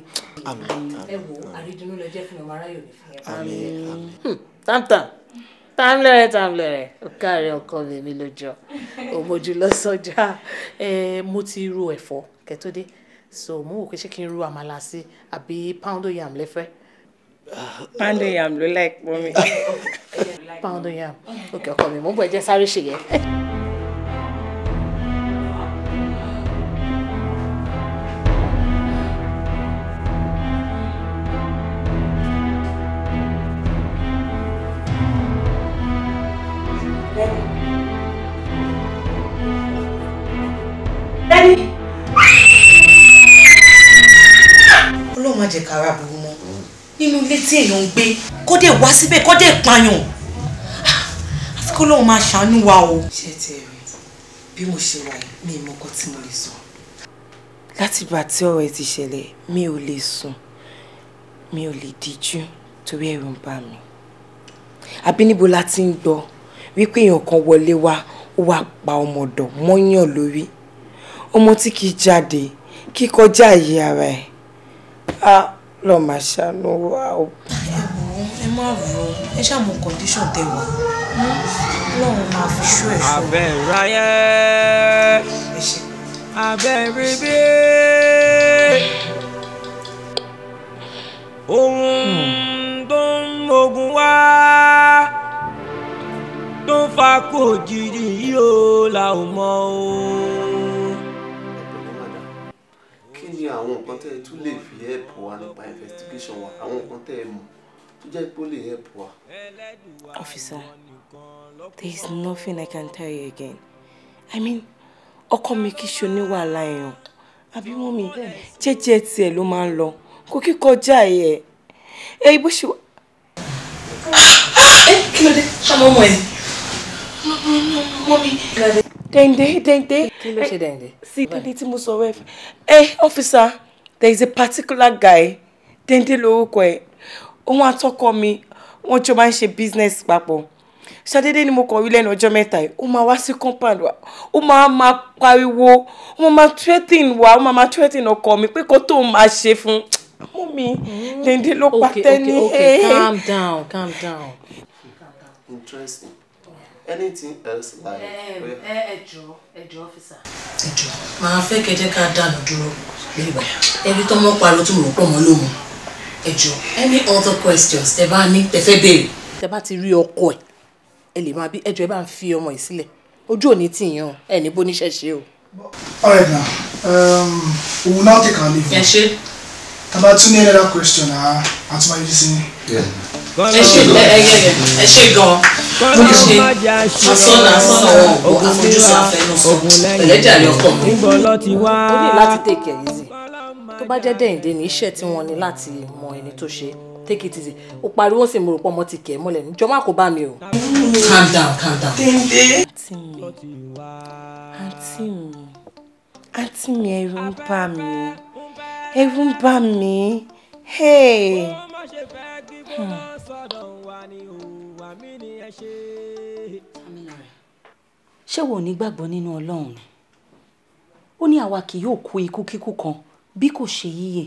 ẹ wo àrídùnnú lẹ jẹ́ fún ọmọ aráyò ní fún yẹn. Hmm, tantan tamlẹ̀rẹ̀ tamlẹ̀rẹ̀ ọ̀kàrẹ̀ ọkọ mi lójọ òmòjú lọ́sọjà mo ti ro ẹ̀fọ́ kẹ́tọ́dé so mo wò pé ṣé kí n ro àmàlà sí àbí pound yam lẹ́fẹ́. Pound yam ló like mọ́mí. Pound yam. Okay, ọkọ mi, mo bọ̀ ẹ jẹ́ sáré ṣe yẹn. Ọlọ́run má jẹ́ kára burú mọ́ nínú ilé tí èèyàn ń gbé kó dé wá síbẹ̀ kó dé pààyàn àfi kó lóun máa ṣàánú wa o. ṣé ti ẹ bí mo ṣe wà mí mọ ọkọ tí mo lè sọ. látìgbà tí ọ̀rọ̀ ẹ ti ṣẹlẹ̀ mi ò lè sùn mi ò lè díjú torí ẹ̀rù ń bà mí àbí níbo la ti ń gbọ́ wípé èèyàn kan wọlé wá ó wá pa ọmọ mọ́yàn lórí ọmọ tí kì í jáde kíkọjá àyè ara ẹ̀. Ah, lọ́ọ́ máa ṣàánú wa o. ẹ má rò ó ẹ ṣàmù condition tẹ wà lọ́run máa fi ṣó ẹ̀ṣọ́. abẹ́rẹ́ ayé abẹ́rẹ́ bí ohun tó ń mogun wá tó fa kò jìnnì yìí ó la ò mọ̀ ni àwọn nǹkan tẹ́ ẹ tún lè fi help wa nípa investigation wa àwọn nǹkan tẹ́ ẹ mọ̀ tó jẹ́ pé ó lè help wa. officer there is nothing i can tell you again i mean ọkọ mi kì í ṣe oníwàhálà èèyàn àbí wọn mi jẹ́jẹ́ tiẹ̀ ló máa ń lọ kò kíkọjá ẹ ẹ bó ṣe wà. ẹ ah, ah! eh, kí ló dé ṣọmọ ọmọ ẹ mọ mi dèndé dèndé. kí ló eh, ṣe dèndé. sí dèndé tí mo sọ̀rọ̀ ẹ fún ẹ eh, ọfíìsà there is a particular guy dèndé lórúkọ ẹ òun àtọkọ mi wọn jọ máa ń ṣe business papọ̀ ṣàdédé ni mo kàn rí lẹ́nu ọjọ́ mẹ́ta yìí ó máa wá sí compound wa ó máa máa pariwo ó máa máa threatening wa ó máa máa threatening ọkọ mi pé kó tó máa ṣe fún mú mi dèndé ló pa tẹ́ni. okay okay okay eh. calm down calm down. interesting anything else like. Oh, ẹ ẹ jọ ẹ jọ ọfíìsà. ẹ jọ màá fẹ́ kẹ́ jẹ́ ká dànù dúró bíbá ẹbí tó mọ́ pariwo tó mọ̀ pọ̀ mọ́ lóhùn ẹ any other questions tẹ bá ní tẹ fẹ́ béèrè. tẹ bá ti rí ọkọ ẹ ẹ lè máa bí ẹ jọ ẹ bá ń fi ọmọ yìí sílẹ̀ ojú ò ní tìyàn ẹ ní bó níṣẹ́ ṣe o. all right now um, we will now take our leave. ẹ ṣe. tàbá tún ní another question àtúmọ̀ yìí sí ẹ ṣe gan mo lè ṣe asọ́nà asọ́nà wọn ò àfojúsùn àfẹnusọ ẹlẹ́jàre ọkọ mi. ó ní láti take it easy tó bá jẹ́ dẹ́yìndé ní iṣẹ́ tí wọ́n ní láti mọ ẹni tó ṣe take it easy ó pariwo sì mo rò pọ́ ọmọ ti kẹ̀ mọ́lẹ̀ níjọ́ má kó bá mi o. calm down calm down. àǹtí mi àǹtí mi àǹtí mi ẹ̀rù ń bà mí ẹ̀rù ń bà mí kó sọ́dọ̀ wa ni òwà mi ni ẹ ṣe. ṣé wo ní gbàgbọ́ nínú ọlọ́run ni ó ní àwa kì yóò kú ikú kíkú kan bí kò ṣe yíyè.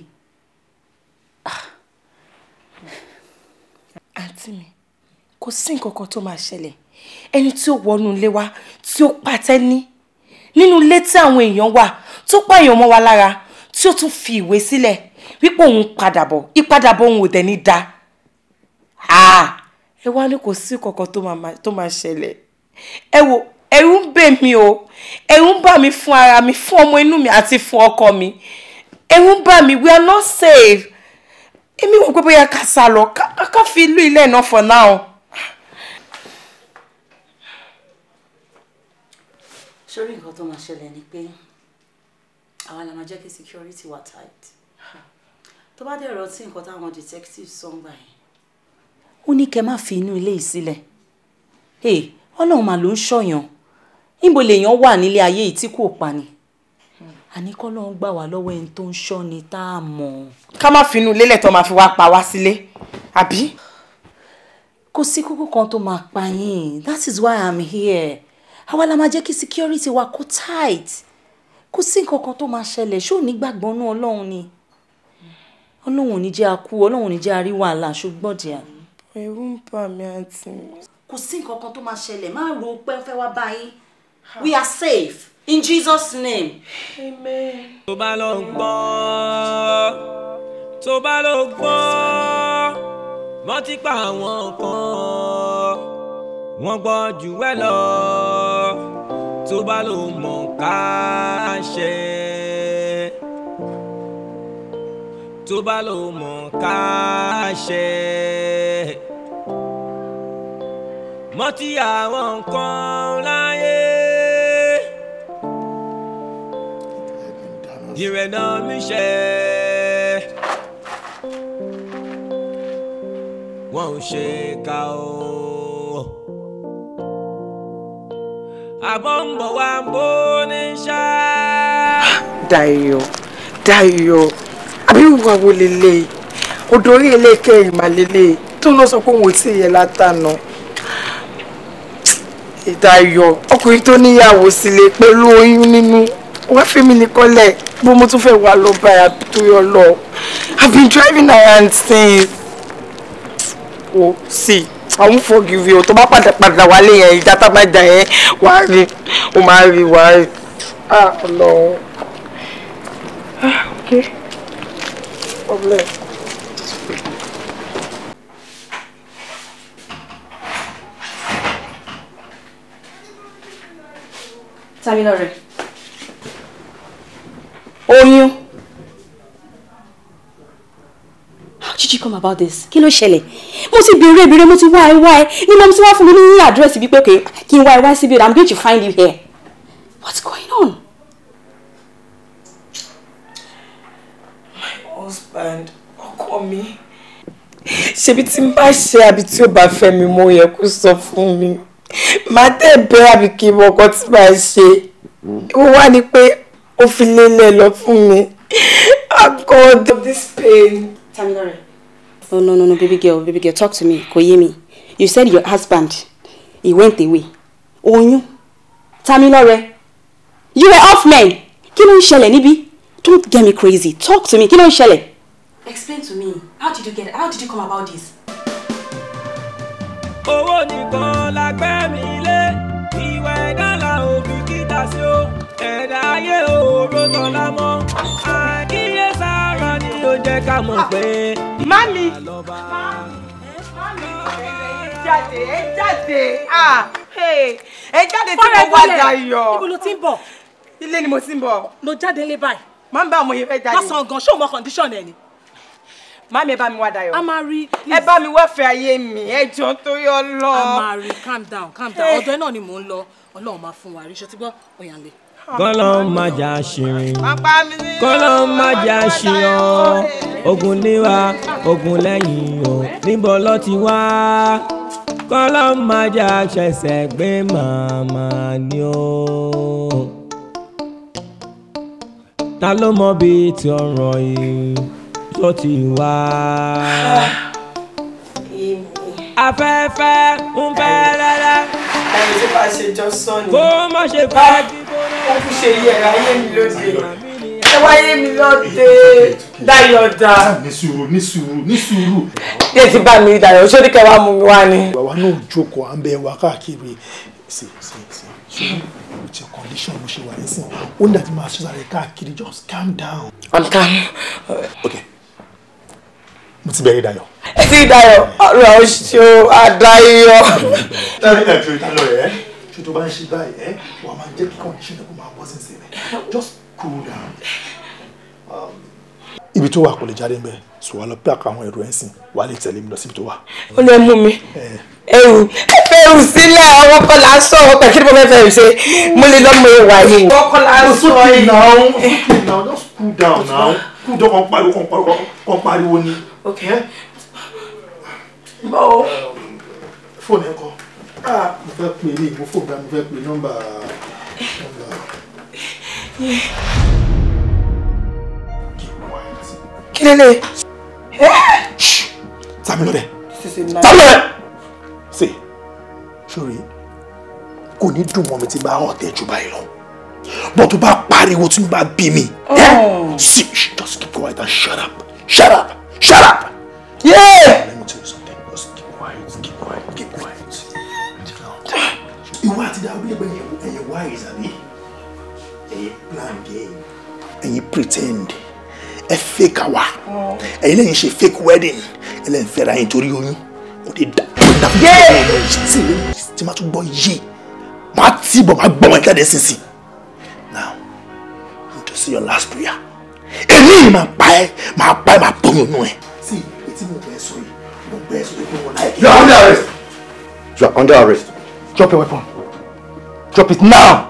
Ah. àǹtí mi kò sí nǹkan kan tó máa ṣẹlẹ̀ ẹni tí ó wọnú ilé wa tí ó patẹ́ ní nínú ilé tí àwọn èèyàn wà tó pààyàn mọ́ wa lára tí ó tún fi ìwé sílẹ̀ wípé òun padà bọ̀ ìpadàbọ̀ òun ò dẹ̀ ní dáa Ah, ẹ wá ní kò sí kankan tó máa ṣẹlẹ̀ ẹ wo ẹ̀rù ń bà mí o ẹ̀rù ń bà mí fún ara mi fún ọmọ inú mi àti fún ọkọ mi ẹ̀rù ń bà mí we are not safe èmi wò pé bóyá ká sá lọ ká fi ìlú ilé náà for now. sórí nǹkan tó máa ṣẹlẹ̀ ni pé àwa la jẹ́ kí security wà tight tó bá dẹ̀ rọtí nǹkan táwọn detectives sọ ń gbà yẹn ó ní kẹ́ má fi inú ilé yìí sílẹ̀ ee ọlọ́run mà ló ń ṣọ̀yàn níbo lèèyàn wà nílé ayé yìí tí kò pa ni àní kọ́lọ́run gbà wá lọ́wọ́ ẹni tó ń ṣọ́ ni tá a mọ̀. ká má fi inú lélẹ̀ tó máa fi wá pa wá sílé àbí. kò sí kókó kan tó máa pa yín that is why i'm here àwa la máa jẹ́ kí security wa kó tight kò sí nǹkan kan tó máa ṣẹlẹ̀ ṣó nígbàgbọ́nú ọlọ́run ni ọlọ́run ò ní jẹ́ a kú ọlọ́run ò ní jẹ́ a rí wàhálà ṣùgbọ́n díẹ̀ ẹ̀rù ń bà mí àǹtí mi. kò sí nǹkan kan tó máa ṣẹlẹ̀ má ro pé ń fẹ́ wá bá yín we are safe in Jesus' name. amen. tó bá lọ gbọ́ tó bá lọ gbọ́ wọ́n ti pa àwọn kan wọ́n gbọ́ jù ẹ́ lọ tó bá lọ mọ̀ ká tó bá lò mọ̀ ká ṣe. mọ́tí àwọn nǹkan láyé. ìrẹ̀nà mi ṣe. wọ́n ń ṣe ká o. àbọ̀ ń bọ̀ wá ń bó ní ṣá. Dayọ̀ Dayọ̀ àbírù wà wò lélẹ̀ odori eléke ìmàlélẹ̀ tó lọ sọ pé òun ò tí ì yẹ látànà ìdayọ̀ ọkùnrin tó níyàwó sílé pẹ̀lú oyún nínú wá fẹ́mi nìkan lẹ̀ bó mo tún fẹ́ wà lọ báyà tó yọ lọ I've been driving around since o si I won't forgive you tó bá padà padà wálé yẹn ìjà tá bá jà yẹn wàá rí o máa rí wàá ah Ọlọ́run ah okay problem. Tamilore. Oyún. How did you come about this? Kí ló ṣẹlẹ̀? Mo ti béèrè béèrè mo ti wá ẹ wá ẹ ní mo ti wá fún mi ní àdírẹ́sì bíi pé kí n wá ẹ síbi I'm going to find you here. What's going on? husband ọkọ mi ṣebí tí n bá ṣe àbí tí ó bá fẹ́ mi mo yẹ kó sọ fún mi màá tẹ̀ bẹ́ àbí kí n mọ ọkọ tí màá ṣe ó wá ní pé ó fi lélẹ̀ lọ fún mi I'm God of this pain. Tamilore. Oh no no no baby girl baby girl talk to me kò yé mi you said your husband he went away oyún Tamilore you were off men kí ló ń ṣẹlẹ̀ níbí don't get me crazy talk to me kí ló ń explain to me how did you get how did you come about this. owó nìkan la gbẹ́ mi lé ìwà ẹ̀dá la ò fi kíta sí o ẹ̀dá ayé òòró tán la mọ́ àkíyèsára ni ó jẹ́ ká mọ̀ ah. pé. mami jáde ẹ jáde ẹ jáde ah, tí mo wá dayọ̀ ilé ni mo ti ń bọ̀. lo jáde lé báyìí máa ń bá ọmọ yẹn fẹ́ jáde. lásán gan ṣé o mọ condition ẹ ni. má mi bá mi wá dayọ. amari please. ẹ bá mi wá fẹ́ ayé mi ẹ tó yọ lọ. amari calm down calm down ọ̀dọ̀ náà ni mò ń lọ Ọlọ́run máa fún wa rí ṣe ọyàn lè kọ́lọ́n má jà ṣìrìn kọ́lọ́n má jà ṣìràn ogun níwá ogun lẹ́yìn o níbo ló ti wá kọ́lọ́n má jà ṣẹ̀ṣẹ̀ gbé màmá ni o ta ló mọ bí ti ọ̀rọ̀ yìí tó ti wá. afẹ́fẹ́ ń fẹ́ rárá. ẹni tí bá ṣe jọ sọ ni. kó má ṣe bá ó fi ṣe yẹ ayé mi lóde ẹ wáyé mi lóde dáyọ̀dá. ní sùúrù ní sùúrù ní sùúrù. díẹ̀ ti bá mi dàrọ̀ ṣé oníkẹ́ wa mú mi wá ni. bàbá náà jókòó à ń bẹ wá káàkiri sí sí sí with your condition mo ṣe wà nísìn ó ní láti máa ṣe sáré káàkiri just calm down. i'm calm. ok mo ti bẹ̀rẹ̀ Dayọ̀. ẹ ti Dayọ̀ ọ̀rọ̀ ọ̀ṣọ́ àdáyọ̀. tábìlì àti ìtàlọ́ ẹ̀ ṣe tó bá ń ṣe báyìí ẹ̀ wàá máa jẹ́ condition na kuma máa bọ́ sí just cool down. Um, ibi tó wà kò lè jáde ń bẹ sọ wà lọ pé àkàwọn èrò ẹ̀ ń sìn wà á lè tẹ̀lé mi lọ síbi tó ẹrù fẹ́rù sílẹ̀ ọwọ́ kọ́ la sọ ọwọ́ pẹ̀ kí ni mo fẹ́ fẹ́rù ṣe mo lè lọ́mọ ìwà yìí. ọwọ́ kọ́ la sọ yìí. just cool down now cool down kan pariwo kan pariwo kan pariwo ni. báwo. fóònù ẹ kọ ah, mo fẹ́ pè ní ìmú fóònù mo fẹ́ pè nọ́mbà. kí lélẹ̀. tàbí lọ́dẹ̀ tàbí lọ́dẹ̀ ṣe sórí kò ní dùn mọ́ mi tí bá hàn tẹ́jú báyìí lọ bọ́ tó bá pariwo tí mo bá bí mi oh. see just keep quiet and shut up shut up shut up. Yeah. Let me tell you something just keep quiet keep quiet keep quiet. ìwọ àti dàbí ẹgbẹ́ ẹ̀yẹ wáyé àbí ẹ̀yẹ plan game ẹ̀yẹ pretend ẹ̀ fake àwa oh. ẹ̀yẹ lẹ́yìn ṣe fake wedding ẹ̀ lẹ́yìn fẹ́ra yín torí oyún kò dé dà kò dà fún mi. tí mi tí ma tún gbọ́ yé màá tì bọ̀ màá gbọ́ wọn jáde sísìn. now I'm to just your last prayer. èmi máa pa ẹ́ máa pa ẹ́ máa pọ̀ yín nù ẹ́. sí etí mo bẹ̀ sọ yìí mo bẹ̀ sọ yìí pé wọn láì. you are under arrest. you are under arrest. drop your weapon. drop it now.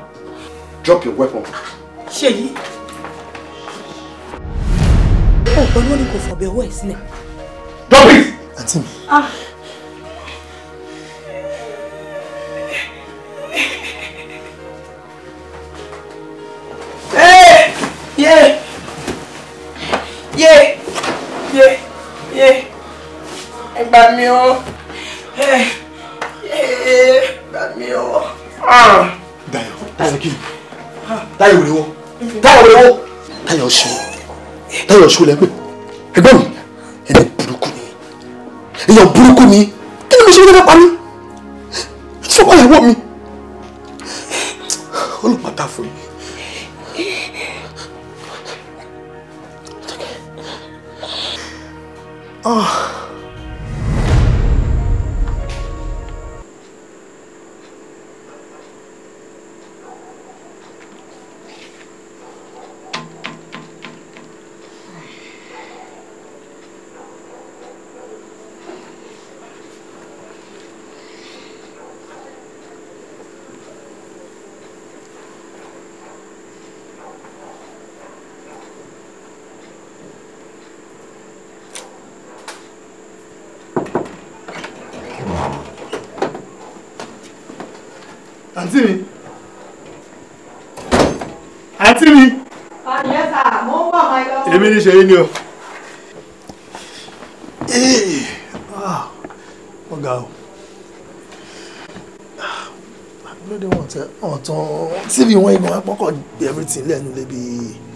drop your weapon. ṣe yìí ọ̀pọ̀ ni wọ́n ní kò fọ̀bẹ̀ owó ẹ̀ sílẹ̀. Drop it! àǹtí mi. ah yé yé yé ẹ gbà mí o ẹ ẹ gbà mí o. Dayọ̀ ah. Dayọ̀ kí ni Dayọ̀ wèrè wọ mm-hmm. Dayọ̀ wèrè wọ Dayọ̀ ṣu Dayọ̀ ṣu lẹ́gbẹ̀ ẹgbẹ́ mi ẹni burúkú ni èèyàn burúkú ni kí ni mo ṣe fẹ́ pa mí sọ́kọ́ ìyàwó mi olùpàtà fún mi. Oh. ṣeré ni o. Ah, ọ̀gá o ah, lóde wọn tẹ ọ̀tàn tíbi wọn ìgbọ̀n apọ́kọ̀ everything lẹ́nu lébi. Le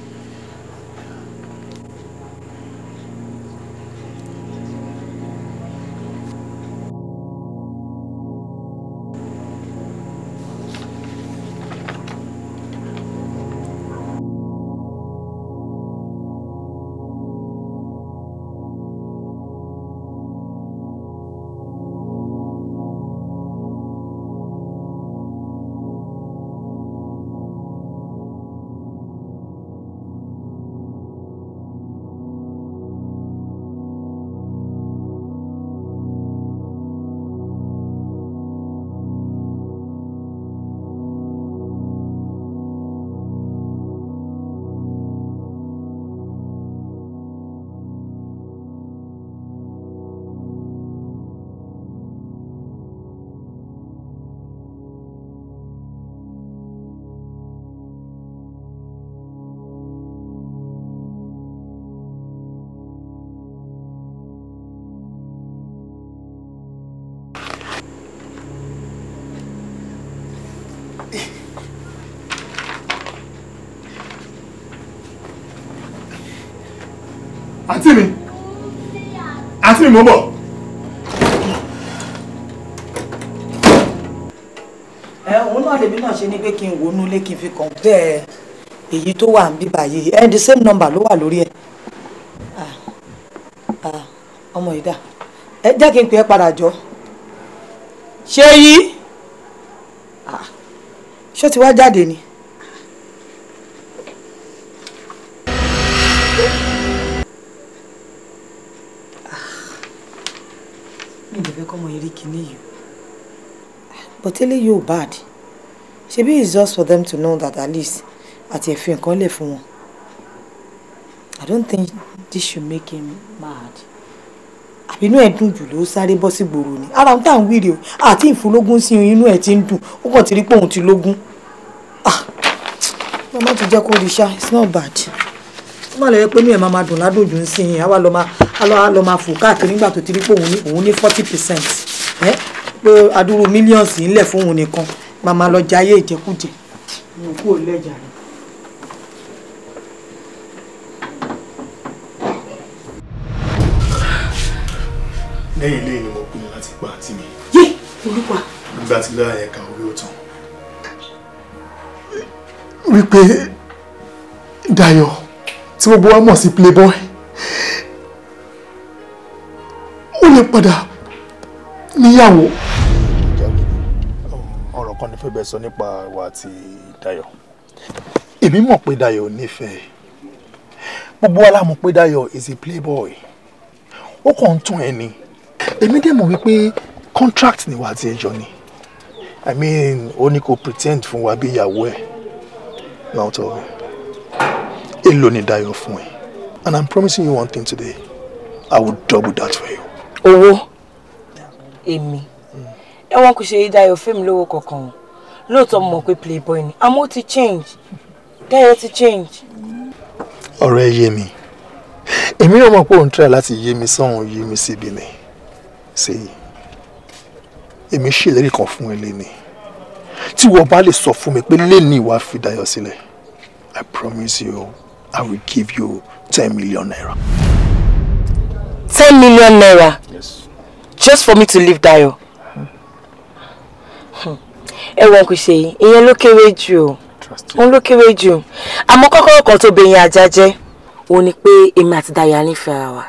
àǹtí mi àǹtí mi mo bọ̀. ẹ òun náà lèmi náà ṣe ni pé kí n wò ó nulẹ̀ kí n fi compare èyí tó wà ń bí báyìí ẹ the same number ló wà lórí ẹ ọmọ ìdá ẹ jẹ́ kí n pè é padà jọ ṣé yí ṣó ti wá jáde ni. rí kinní yìí but eléyìí you bad maybe it's just for them to know that at least at ẹ̀fin nǹkan call fún wọn I don't think this should make him mad àbínú ẹ̀ dùn jù ló sáré bọ́ sí gbòòrò ni ara ń tà ń wíre o àti ìfúnlógún sí inú ẹ̀ ti ń dùn ó kàn ti rí pé òun ti lógún ah mama ti jẹ́ kó rí ṣá it's not bad ó má lọ yẹ pé inú ẹ̀ máa máa dùn ládòjù ń sìn yín àwa lọ máa lọ máa fò káàkiri nígbà tó ti rí pé òun ní forty percent ẹ pé adúrú mílíọ̀nsì ńlẹ̀ fóun nìkan màmá lọ jayé ìjẹkújẹ mi ò kú ò lẹ́jà rẹ̀. lẹ́yìn ilé ni mo pinnu láti pa àǹtí mi. yé olúwa. nígbà tí lára yẹn ka orí ó tán. wípé Dayọ̀ tí gbogbo wa mọ̀ sí playboy ó lè padà níyàwó. ọ̀rọ̀ kan ni fẹ́ bẹ́ẹ̀ sọ nípa ìwà àti Dayọ̀ èmi mọ̀ pé Dayọ̀ nífẹ̀ẹ́ gbogbo wa la mọ̀ pé Dayọ̀ is a playboy ó kàn ń tún ẹni èmi dẹ̀ mọ̀ wípé contract ni wà á ti ẹjọ́ ni i mean ó ní kó pretend fún wa bí ìyàwó ẹ̀ now tell me èlò ni Dayọ̀ fún ẹ and i'm promising you one thing today i will double that for you. owó. Oh èmi ẹ wọn kò ṣe é Dayọ̀ fẹ́mi lówó kankan o lóòótọ́ mọ̀ pé playboy ni àmọ́ ó ti change Dayọ̀ ti change. ọ̀rọ̀ ẹ yé mi èmi náà mọ̀ pé òun try láti yé mi sọ́hun yé mi síbi ni ṣe èmi ṣèlérí kan fún ẹ lẹ́ni tí wọ́n bá lè sọ fún mi pé lẹ́ni ìwà fi Dayọ̀ sílẹ̀ I promise you I will give you ten million naira. ten million naira. Yes just for me to leave Dayo. ẹ̀wọ̀n kò ṣe yìí ìyẹn ló kéré jù o òun ló kéré jù àmọ́ benya jaje. tó bẹ̀yìn ajá jẹ́ òun ni wa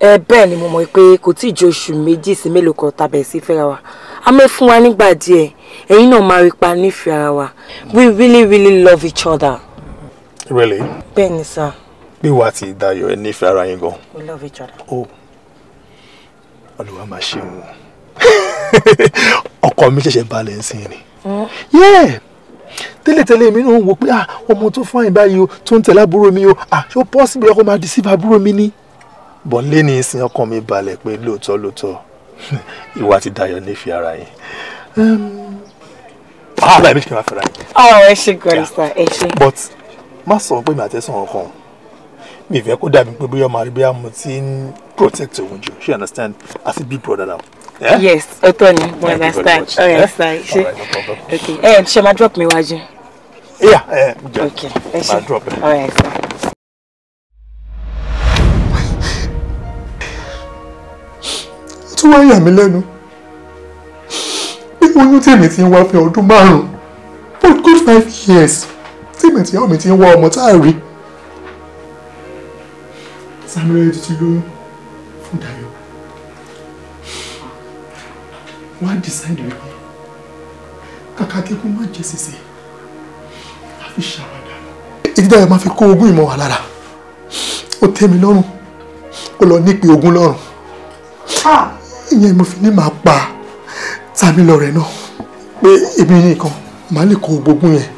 ẹ bẹ́ẹ̀ ni mo mọ̀ pé kò tí ì ju oṣù méjì sí mélòó kan tàbẹ̀ sí fẹ́ra wa a mẹ́ fún wa nígbà díẹ̀ ẹ̀yin wa we really really love each other. really. Beni sir. Be bí wàá ti Dayo ẹ nífẹ̀ẹ́ ara we love each other. oh olùwà máa ṣe wọn [LAUGHS] ọkọ mi ṣẹ̀ṣẹ̀ balẹ̀ ń sin ni tẹ́lẹ̀tẹ́lẹ̀ mi náà wò pé ah, ọmọ tó fáyìn báyìí o tó ń tẹ̀lé àbúrò mi o ah, ṣó pọ́sibú ọkọ máa deceive àbúrò mi ni bọ̀ ń lé ní ìsìn ọkọ mi balẹ̀ pé lóòótọ́ lóòótọ́ [LAUGHS] ìwà ti dayọ̀ nífi ara yìí wàhálà ah, èmi kì í máa fẹ́ra yìí. ọ̀rọ̀ ẹ ṣe gọ́lísà ẹ ṣe. but má sọ pé mi àtẹ́sán ọkàn mi ìfẹ́ kó dàbí pé bóyá màá rí bóyá mo ti ń protect Owunju. She understand as a big brother now. Yeah? Yes, Otoni, we understand. Oh, eh? All right, that's right. no Okay. Eh, she ma drop me waju. Yeah, eh, yeah. Okay. Ma drop me. All right, sir. Tún wá yà mí lẹ́nu. Bí oyún tèmi ti ń wá fẹ́ ọdún márùn-ún, for good five years, tèmi ti ọmọ mi ti ń wá ọmọ tá a rí. Samuel ti ti lóyún fún Dayọ̀ wọ́n á decide wípé kàkà kí kó má jẹ́ sèse á fi ṣàwádà lọ. ìdí Dayọ̀ máa fi kó ogún ìmọ̀ wà lára ó tẹ́ mi lọ́rùn ó lọ nípe ogún lọ́rùn ah! ìyẹn mo fi ní màá pa tàbí lọ́rẹ̀ náà pé èmi nìkan màá lè kó gbogbo yẹn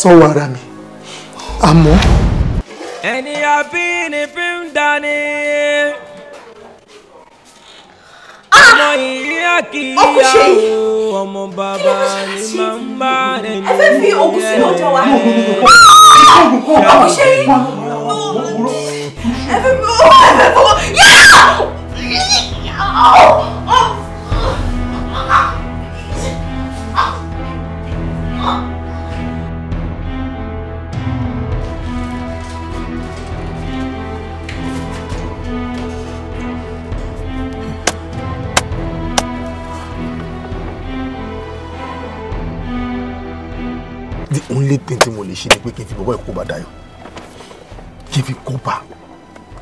sọ́wọ́ ara mi àmọ́. ẹni àbí ni fi ń dání ọmọ ìyá kì í yá o ọmọ bàbá ni máa ń bá rẹ ní ilé. ẹ fẹ́ fi ògùn sínú ọjọ́ wa. ọkùnṣe yìí ẹ fẹ́ fi owó ẹ fẹ́ fọwọ́ yá. Oh! only thing tí mo lè ṣe ni pé kí n fi bọ́bọ́ ìkó bá Dayọ̀ kí n fi kó bá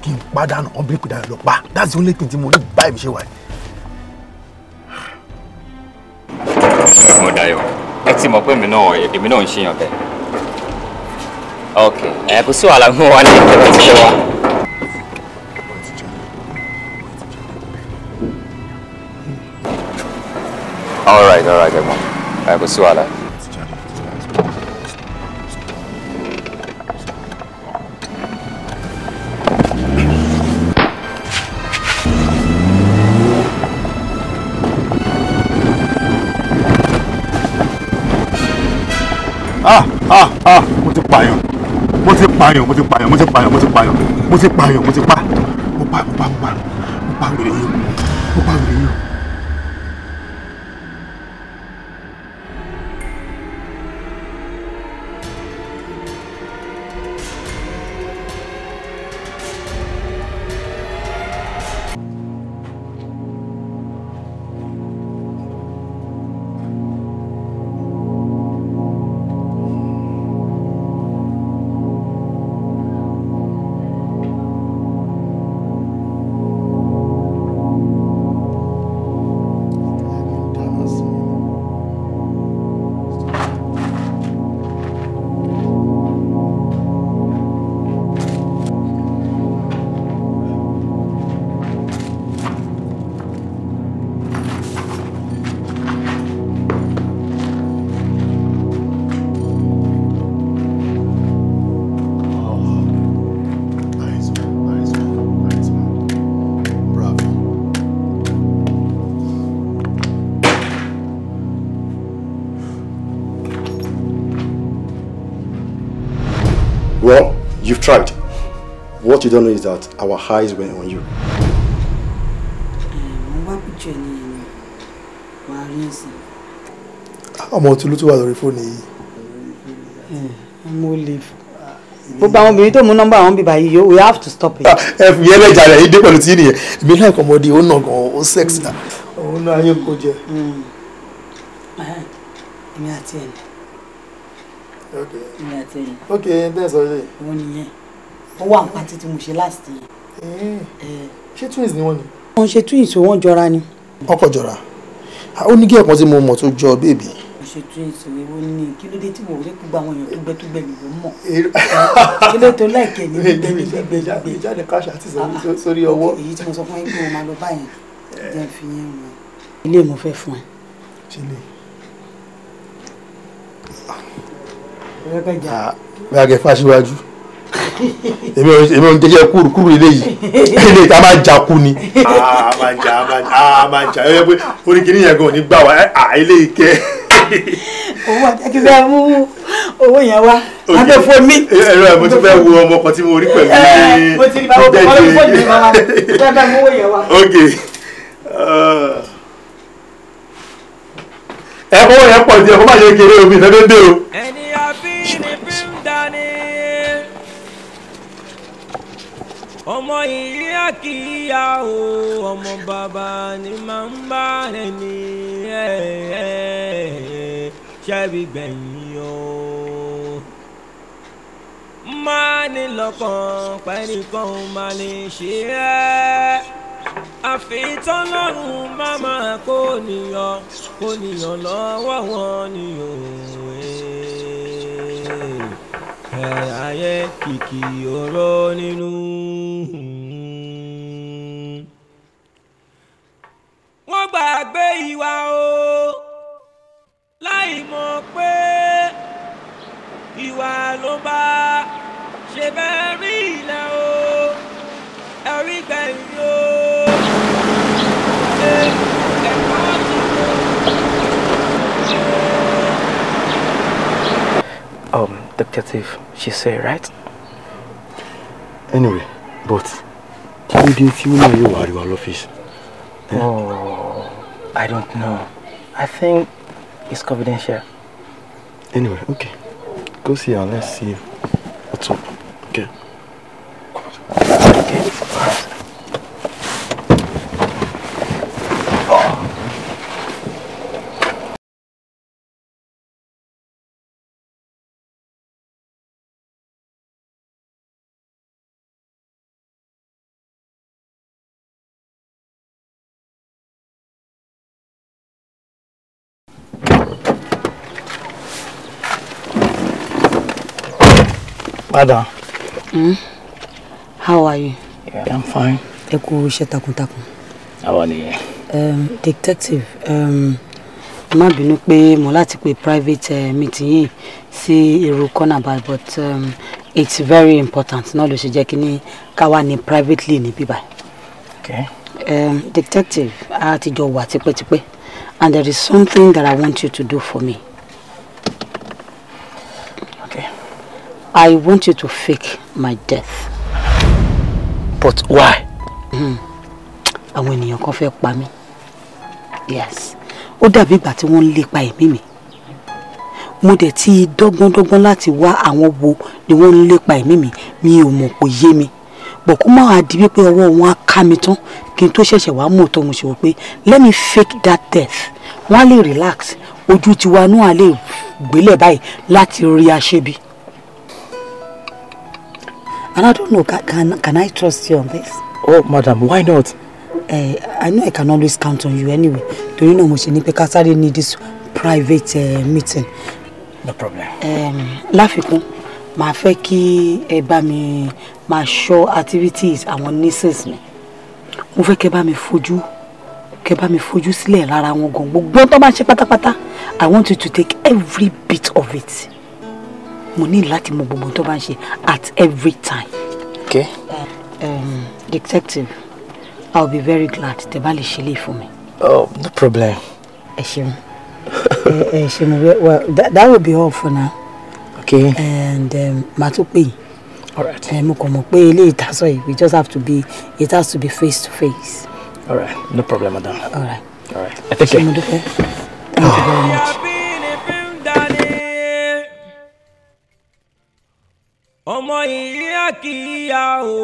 kí n pàdánù ọ̀n bíríkì Dayọ̀ lọ pa that's the only thing tí mo lè báyìí mi ṣe wà. ẹ̀gbọ́n Dayọ̀ ẹ ti mọ̀ pé èmi náà èmi náà ń ṣèyàn bẹ́ẹ̀ ok ẹ kò sí wàhálà mú wa ní ìpínlẹ̀ tí wà. all right all right ẹ̀gbọ́n ẹ kò sí wàhálà. pààyàn mo ti pààyàn mo ti pààyàn mo ti pààyàn mo ti pààyàn mo ti pa mo pa mo pa mo pa mo pa wèrè yìí. tried. What you don't know is that our eyes were on you. I'm tulu to look at the phone. I'm lè to àwọn obìnrin tó mú we have to stop it. If ah, fi ẹlẹ́jà rẹ̀ yìí dé pẹ̀lú tí nìyẹn èmi náà kọ́ ọmọdé ó nà gan ó sẹ́ẹ̀sì náà. òun náà yóò kó jẹ. Hmm ok àti ẹ̀yìn. ok ǹdẹ́ sọ yìí. wọ́n nìyẹn wọ́n wà ń pàtí tí mo ṣe last year. Eh. Eh. ṣé twins ni wọ́n ni. wọ́n ṣe twins o wọ́n jọra ni. wọ́n kọ̀ jọra ó ní kí ẹ̀kan tí mo mọ̀ tó jọ bébì ṣe tún èso ewo ní kí ló dé tí mo rí gbogbo àwọn èèyàn tó gbẹ tó gbẹ nìyó mọ kí ló tó láìkẹ ní gbígbẹ ní gbígbẹ gbígbẹ ìjáde káṣà ti ah, sórí ọwọ́. èyí tí mo sọ fún yín pé mo máa lọ báyìí eh. jẹ́ fi yín wọn. ilé mo fẹ́ fún ẹ. bí a kẹ fà síwájú èmi ò ń jẹjẹ kúrú kúrú ilé yìí ilé ìta máa jà kú ni. Ah, a máa jà a máa jà a máa jà yóò yẹ pé oníkìní yẹn gan ò ní gbà wá à ah, ilé ìkẹ. owó àtẹ́kí fẹ́ mú owó yẹn wá lábẹ́ fún mi. ẹ̀rọ ẹ̀ mo ti fẹ́ wo ọmọ kan tí mo rí pẹ̀lú eh, ní. mo ti rí báwo kọ́ ló fọ́ ìdílé bàbá mi dáadáa owó yẹn wá. ok ah. ẹ kó yẹn pọ̀ jù ẹ kó má ṣe kéré omi ìfẹ́ bẹ́ẹ̀ bẹ́ẹ̀ o insurance. ọmọ ìyá kìíyà o ọmọ bàbá ni máa ń bá ẹni ṣẹ́bi gbẹ̀yìn o máa ní lọ́kàn pẹ́ẹ́nìkan máa ní ṣe é àfitán lọ́rùn má máa kó nìyọ kó nìyọ lọ́wọ́ wọn ni òwe ayé kìkì ọ̀rọ̀ nínú. wọ́n gbàgbé ìwà o láì mọ̀ pé ìwà ló bá ṣe bẹ́ẹ̀ rí ilẹ̀ o ẹ̀rí gbẹ̀yìn o. Um, detective, she said, right? Anyway, but do you know you are at your office. Oh, I don't know. I think it's confidential. Anyway, okay. Go see her. Let's see what's up. Okay. Okay. Ada. Hmm? How are you? Yeah, I'm fine. Ẹ kú iṣẹ́ takuntakun. Àwa nìyẹn. Um, detective, um, ma bínú pé mo láti pe private uh, meeting yìí sí irú corner by but um, it's very important náà ló ṣe jẹ́ kí ní ká wà ní privately ní bíbá. Okay. Um, detective, a ti jọ tipe, tipẹ́tipẹ́ and there is something that I want you to do for me. I want you to fake my death. But why? Hmm. Àwọn ènìyàn kan fẹ́ pa mí. Yes. Ó dàbí ìgbà tí wọ́n ń lépa ẹ̀mí mi. Mo dẹ̀ ti dọ́gbọ́ndọ́gbọ́n láti wá àwọn wo ni wọ́n ń lépa ẹ̀mí mi. Mi ò mọ̀ kò yé mi. Bọ̀ kó má wàá di wípé ọwọ́ wọn á ká mi tán kí n tó ṣẹ̀ṣẹ̀ wá mọ̀ tó mo ṣe wò pé let me fake that death. Wọ́n á lè relax. Ojú tiwa náà á lè gbélé báyìí láti rí aṣebi. And I don't know, can, can I trust you on this? Oh, madam, why not? Uh, I know I can always count on you anyway. Do you know mo ṣe ní pé ká sáré ní this private uh, meeting? No problem. Um, láfikún, màá feki kí ẹ bá mi máa ṣọ́ activities àwọn nieces mi. Mo fẹ́ kẹ́ bá mi fojú kẹ́ mi fojú sílẹ̀ lára wọn gan. Gbogbo tó bá I want you to take every bit of it mo ní láti mọ gbogbo tó bá ń ṣe at every time. okay. Eh, um, detective i will be very glad tẹ bá lè ṣe lè fún mi. oh no problem. ẹ ṣeun ẹ ṣeun well that, that will be all for now. okay. and um, màá tún pè yín. alright. Eh, mo kàn mọ̀ pé eléyìí tá yìí we just have to be it has to be face to face. alright no problem madam. alright. alright ẹ tẹ́kẹ̀. ṣé mo dúpẹ́. thank you very much. ọmọ ìyá kìíyà o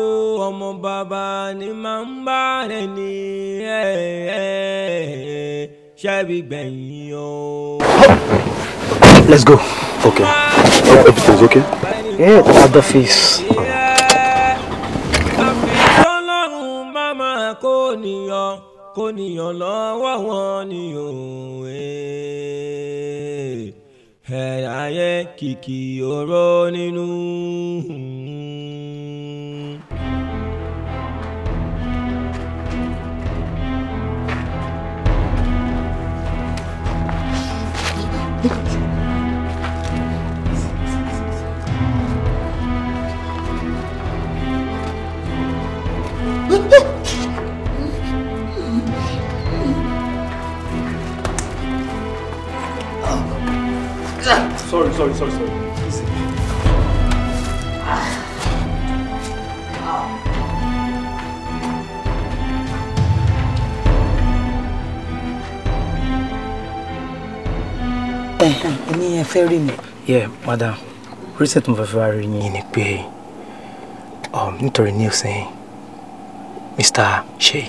ọmọ bàbá ni máa ń bá rẹ ní ṣẹ́bi gbẹ̀yìn o. let's go. okay everything's okay. yeah other face. ọlọ́run bá máa kó nìyọ kó nìyọ lọ́wọ́ wọn ni òun ẹ̀ráyé kìkì ọ̀rọ̀ nínú. Woo! [LAUGHS] Sorry, sorry, sorry, sorry. Easy. ẹni ẹ fẹ́ rí mi. yeah madam reason tí mo fẹ́ fẹ́ rí yín ni pé um, nítorí news yẹn Mr. Shey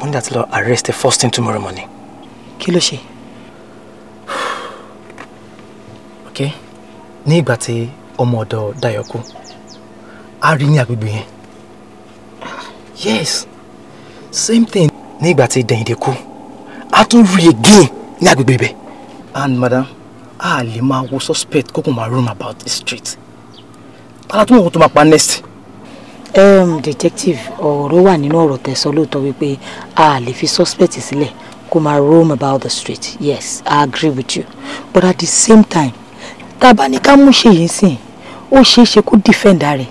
wọ́n dàtí lọ arrest the first thing tomorrow morning. kí ló ṣe? Àṣàkẹ́ ní ìgbà tí ọmọ ọ̀dọ̀ Dayọ̀ kú a rí ní agbègbè yẹn yes same thing ní ìgbà tí Dẹ̀yìndé kú a tún rí again ní agbègbè ibẹ̀ and madam a lè máa wo suspect kókò máa roam about the street tala tún mọ̀ tó máa pa next. Um, detective ọ̀rọ̀ wà nínú ọ̀rọ̀ tẹ̀sán lóòótọ́ wípé a lè fi suspect sílẹ̀ kó máa roam about the street yes I agree with you but at the same time tá a bá ní ká mú ṣe yìí sìn ó ṣeé ṣe kó dìfẹ́ǹdà rẹ̀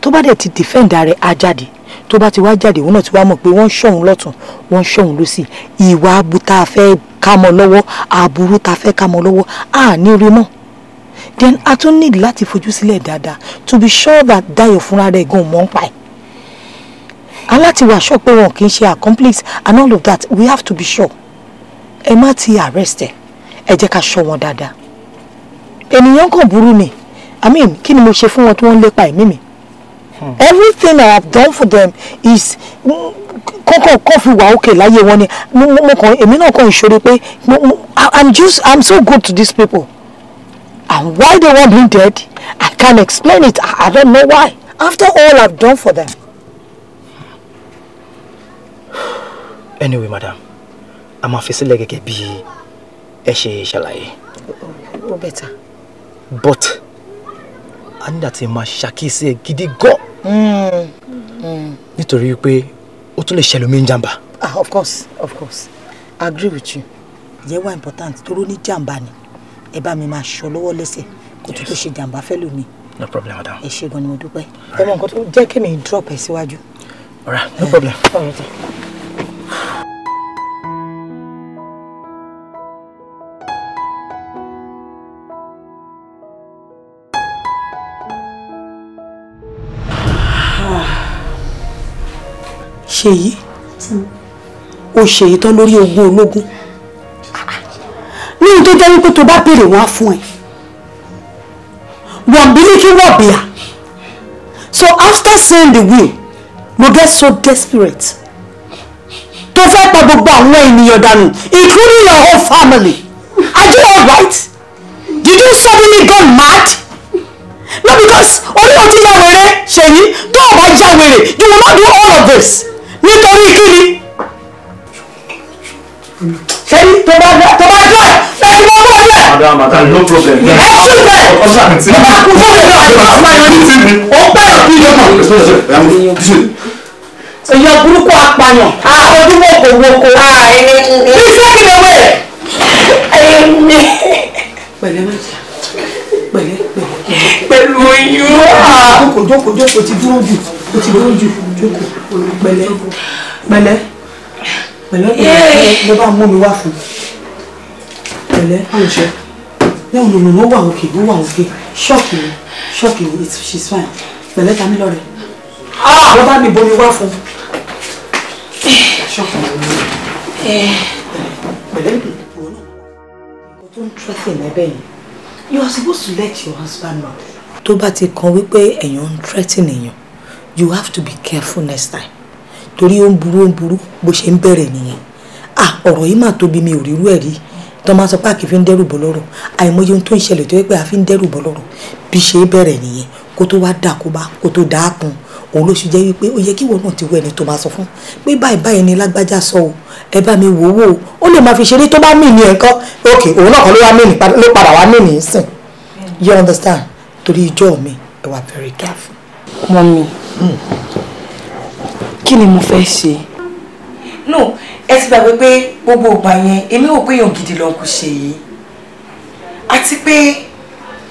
tó bá dẹ̀ ti dìfẹ́ǹdà rẹ̀ á jáde tó bá ti wá jáde òun náà ti wá mọ̀ pé wọ́n ń ṣọ̀hún lọ́tún wọ́n ń ṣọ̀hún lọ́sì ìwà abu tá a fẹ́ ká mọ́ lọ́wọ́ aburú tá a fẹ́ ká mọ́ lọ́wọ́ á ní rí mọ́ then a tún need láti fojú sílẹ̀ dáadáa to be sure that Dayọ̀ fúnra rẹ̀ gan mọ́ ń pa ẹ̀ aláti wà sure pé wọn kì í ṣe accomplice and all of that we have to be sure ẹ má ti arrest ẹ ẹ jẹ́ ká ṣọ́ wọn dáadáa ènìyàn kàn burú ni i mean kí ni mo ṣe fún wọn tí wọ́n lépa ẹ̀mí mi hmm. everything i have done for them is kọ́kọ́ kọ́ fi wà òkè láyé wọn ni èmi náà kàn ìṣòro pé i'm just i'm so good to these people and why they want me dead i can't explain it i don't know why after all i've done for them. anyway madam a máa fi sílẹ̀ gẹ́gẹ́ bí ẹ ṣe ṣàlàyé. ó oh, oh, oh, better but a nígbà tí máa ṣàkíyèsí ẹ gidi gan. nítorí wípé ó tún lè ṣẹlòmí ń jàǹbá. ah of course of course i agree with you yẹ wá important tó ló ní jàǹbá ni ẹ bá mi máa ṣọ́ lọ́wọ́ lẹ́sẹ̀ kó tó tó ṣe jàǹbá fẹ́ lómi. no problem madam. ẹ ṣe gan ni mo dúpẹ́ ẹ mọ nǹkan tó jẹ́ kí mi drop ẹ síwájú. all right no problem. all ṣe yìí o ṣe yìí tán lórí ogún ológun ní ohun jẹ́ wípé tó bá béèrè wọn fún ẹ wọ̀nbílíkì wọ̀bìà so after seeing the will mo get so desperate tó fẹ́ pa gbogbo àwọn ènìyàn dànù including your whole family are you alright did you suddenly go mad no because orí òtí yà wèrè ṣèyí tó o bá yà wèrè you will not do all of this nítorí kíni sẹ́ni tó bá dọ́ tó bá dọ́ ẹ̀ bẹ́ẹ̀ ni wọ́n bọ̀ madam madam no problem. ẹ ṣì bẹ̀ ọba kò fún mi náà ọba fún ayọ̀ ní tèmi ó bẹ̀rẹ̀ bí yóò mọ̀ èyí burúkú apààyàn àfojúwò ah. ah, kò woko. iṣẹ́ ah, kí lè wẹ̀. pẹ̀lẹ́ mẹ́ta pẹ̀lẹ́ pẹ̀lẹ́. pẹ̀lú oyún. jókòó jókòó jókòó ti dúró jù o ti dúró jù jókòó pẹ̀lẹ́ pẹ̀lẹ́ pẹ̀lẹ́ pẹ̀lẹ́ bá mú mi wá fún pẹ̀lẹ́ àwùjọ lẹ́hìn lòlò ló wà òkè ló wà òkè ṣọ́ọ̀kì ni ṣọ́ọ̀kì ni it's she's fine pẹ̀lẹ́ ta mí lọ́rẹ̀ ah! ló bá mi bomi wá fún ṣọ́ọ̀kì eh. ni pẹ̀lẹ́ ìwọ náà tó ń trẹ́sìn lẹ́bẹ̀ yẹn you are supposed to let your husband know. tó bá ti kan wípé èèyàn ń trẹ́tìn èèyàn you have to be careful next time torí ó ń burú ó ń burú bó ṣe ń bẹ̀rẹ̀ nìyẹn ah ọ̀rọ̀ yìí mà tóbi mi ò rírú ẹ̀ rí tọ́ máa sọ pé àkì fi ń dẹ́rù bọ́ lọ́rọ̀ àìmọye ohun tó ń ṣẹlẹ̀ tó yẹ pé a fi ń dẹ́rù bọ́ lọ́rọ̀ bí ṣe bẹ̀rẹ̀ nìyẹn kó tó wá dà kó bá kó tó dà á kun òun ló ṣe jẹ́ wípé ó yẹ kí ìwọ náà ti wọ ẹni tó máa sọ fún pé báyìí báyìí ni lágbájá sọ o ẹ bá mi wò ó ó lè máa fi ṣeré tó bá mì ní ẹ̀kọ́ ok òun náà kan ló wá mì ní padà wá mì ní sìn you understand torí ìjọ mi ẹ wà very careful. Mommy, hmm. kí ni mo fẹ́ ṣe. no ẹ ti gbàgbé pé gbogbo ìgbà yẹn èmi ò pé èèyàn gidi lọ kò ṣe yìí àti pé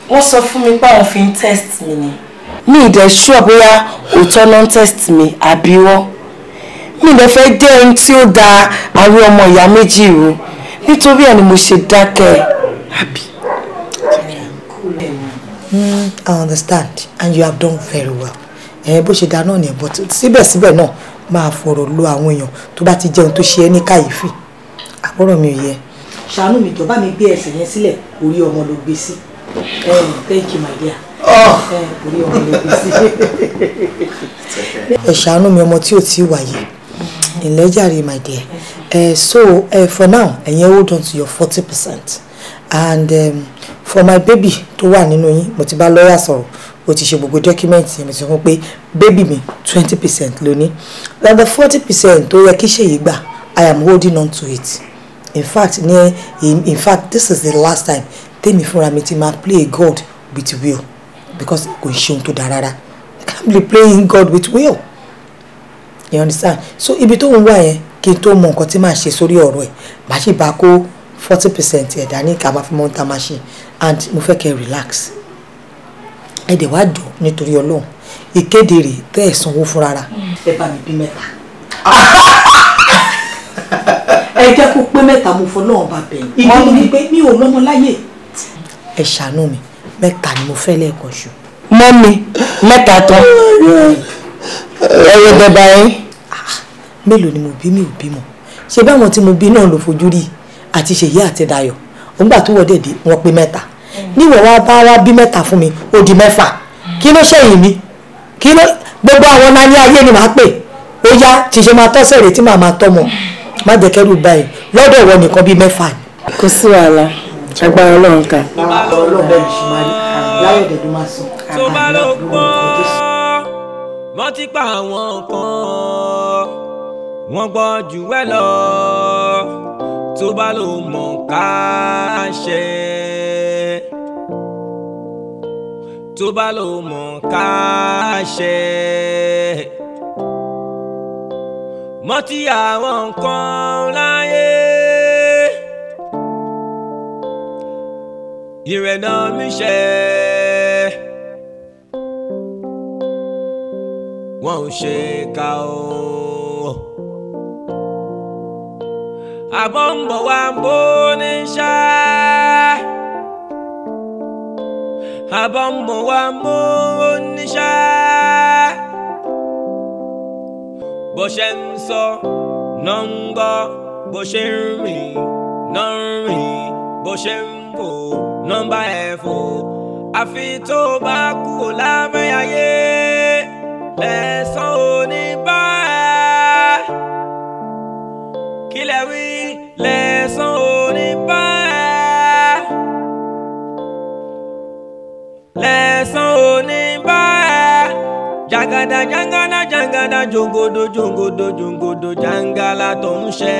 wọ́n sọ fún mi pé àwọn fi ń test mi ni. mi ì dẹ̀ ṣúọ̀ bóyá òótọ́ náà ń test mi àbí wọ́n mi ì dẹ̀ fẹ́ jẹ́ ẹni tí ó da àwọn ọmọ ìyá méjì rú nítorí ẹ̀ ni mo ṣe dákẹ́ àbí. Hmm, I understand and you have done very well ẹ bó ṣe dáná nìyẹn but síbẹ̀síbẹ̀ náà máa fọ̀rọ̀ lọ àwọn èèyàn tó bá ti jẹun tó ṣe ẹ́ ní kàyéfì àbúrò mi ò yẹ. ṣàánú mi jọba mi gbé ẹsẹ̀ yẹn sílẹ̀ orí ọmọ ló gbé sí thank you my dear ah! orí ọmọ ló gbé sí. ẹ ṣàánú mi ọmọ tí ò tí wáyé ìlẹ́jàre my dear uh, so uh, for now ẹ̀yin hold on to your forty percent and um, for my baby tó wà nínú yín mo ti bá lọ́ọ̀yà sọ̀rọ̀ o ti ṣe gbogbo dọ́kímẹ́ǹtì yẹn mi sọ fún pé bébì mi twenty percent ló ní the forty percent tó yẹ kí ṣèyí gbà i am holding on to it in fact ní in, fact this is the last time tèmi fúnra mi ti máa play god with will because kò ń ṣe ohun tó dáa rárá i can't be playing god with will you understand so ibi tó ń wá yẹn kí n tó mọ nǹkan tí màá ṣe sórí ọ̀rọ̀ ẹ̀ màá sì bá kó forty percent ẹ̀ dání ká máa fi mọ́ ohun tá a and mo fẹ́ kẹ́ relax ẹ dẹ̀ wá jọ nítorí ọlọ́run ìkéde rẹ̀ tẹ́ ẹ̀ sanwó fún rárá. ẹ bá mi bí mẹ́ta. ẹ jẹ́ kó pé mẹ́ta mo fọlọ́run bá bẹ̀yìn. ìdí ni pé mi ò lọ́mọ láyè. ẹ ṣàánú mi mẹ́ta ni mo fẹ́ lẹ́ẹ̀kan ṣù. mọ́mi mẹ́ta tán. ẹyẹ bẹba yín. Ah, mélòó ni mo bí mi ò bímọ ṣé báwọn tí mo bí náà ló fojú rí àti ṣèyí àti dayọ̀ òǹgbà tó wọ́dẹ̀ dé wọ́n pé mẹ́ta níwọ̀n wá bá wá bí mẹ́ta fún mi ó di mẹ́fà kí ló ṣẹ̀yìn mi kí ló gbogbo àwọn nání ayé ni màá pè ó yá ṣìṣe máa tọ́sẹ̀ rè tí màá máa tọ́ mọ̀ má jẹ́ báyìí lọ́dọ̀ ìwọ nìkan bíi mẹ́fà ni. kò sí wàhálà agbára ọlọ́run ká. tó bá lọ pọ́ wọ́n ti pa àwọn kan wọ́n gbọ́ jù wẹ́ lọ tó bá lọ mọ̀ ká ṣe tó bá lò mọ̀ ká ṣe. mọ́tí àwọn nǹkan láyé. ìrẹ̀nà mi ṣe. wọ́n ò ṣe ká o. àbọ̀ ń bọ̀ wá ń bó ní ṣáá àbọ̀mọ̀ wa mú oníṣẹ́ bó ṣe ń sọ náà ń gbọ́ bó ṣe ń rìn náà ń rìn bó ṣe ń bò nọ́mbà ẹ̀ fún àfi tó bá kú ò lábẹ́ ayé lẹ́sàn òní bá ẹ̀ kílẹ̀ wí lẹ́sàn òní. lẹ́sàn òní bá ẹ. jàgàdà jàngàdà jàngàdà jòngòdò jòngòdò jòngòdò jàngàlà tó ń ṣe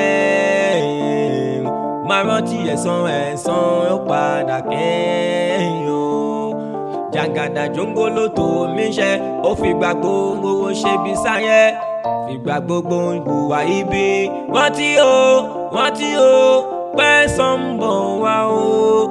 máa rántí ẹ̀san ẹ̀san ó padà kẹ́yìn o jàgàdà jòngòlò tó mi ṣe ó fìgbà gbogbo ṣe bí sáyẹ fìgbà gbogbo ìhùwà ibi wọ́n ti o wọ́n ti o pẹ́ sọ́nbọ̀n wa o.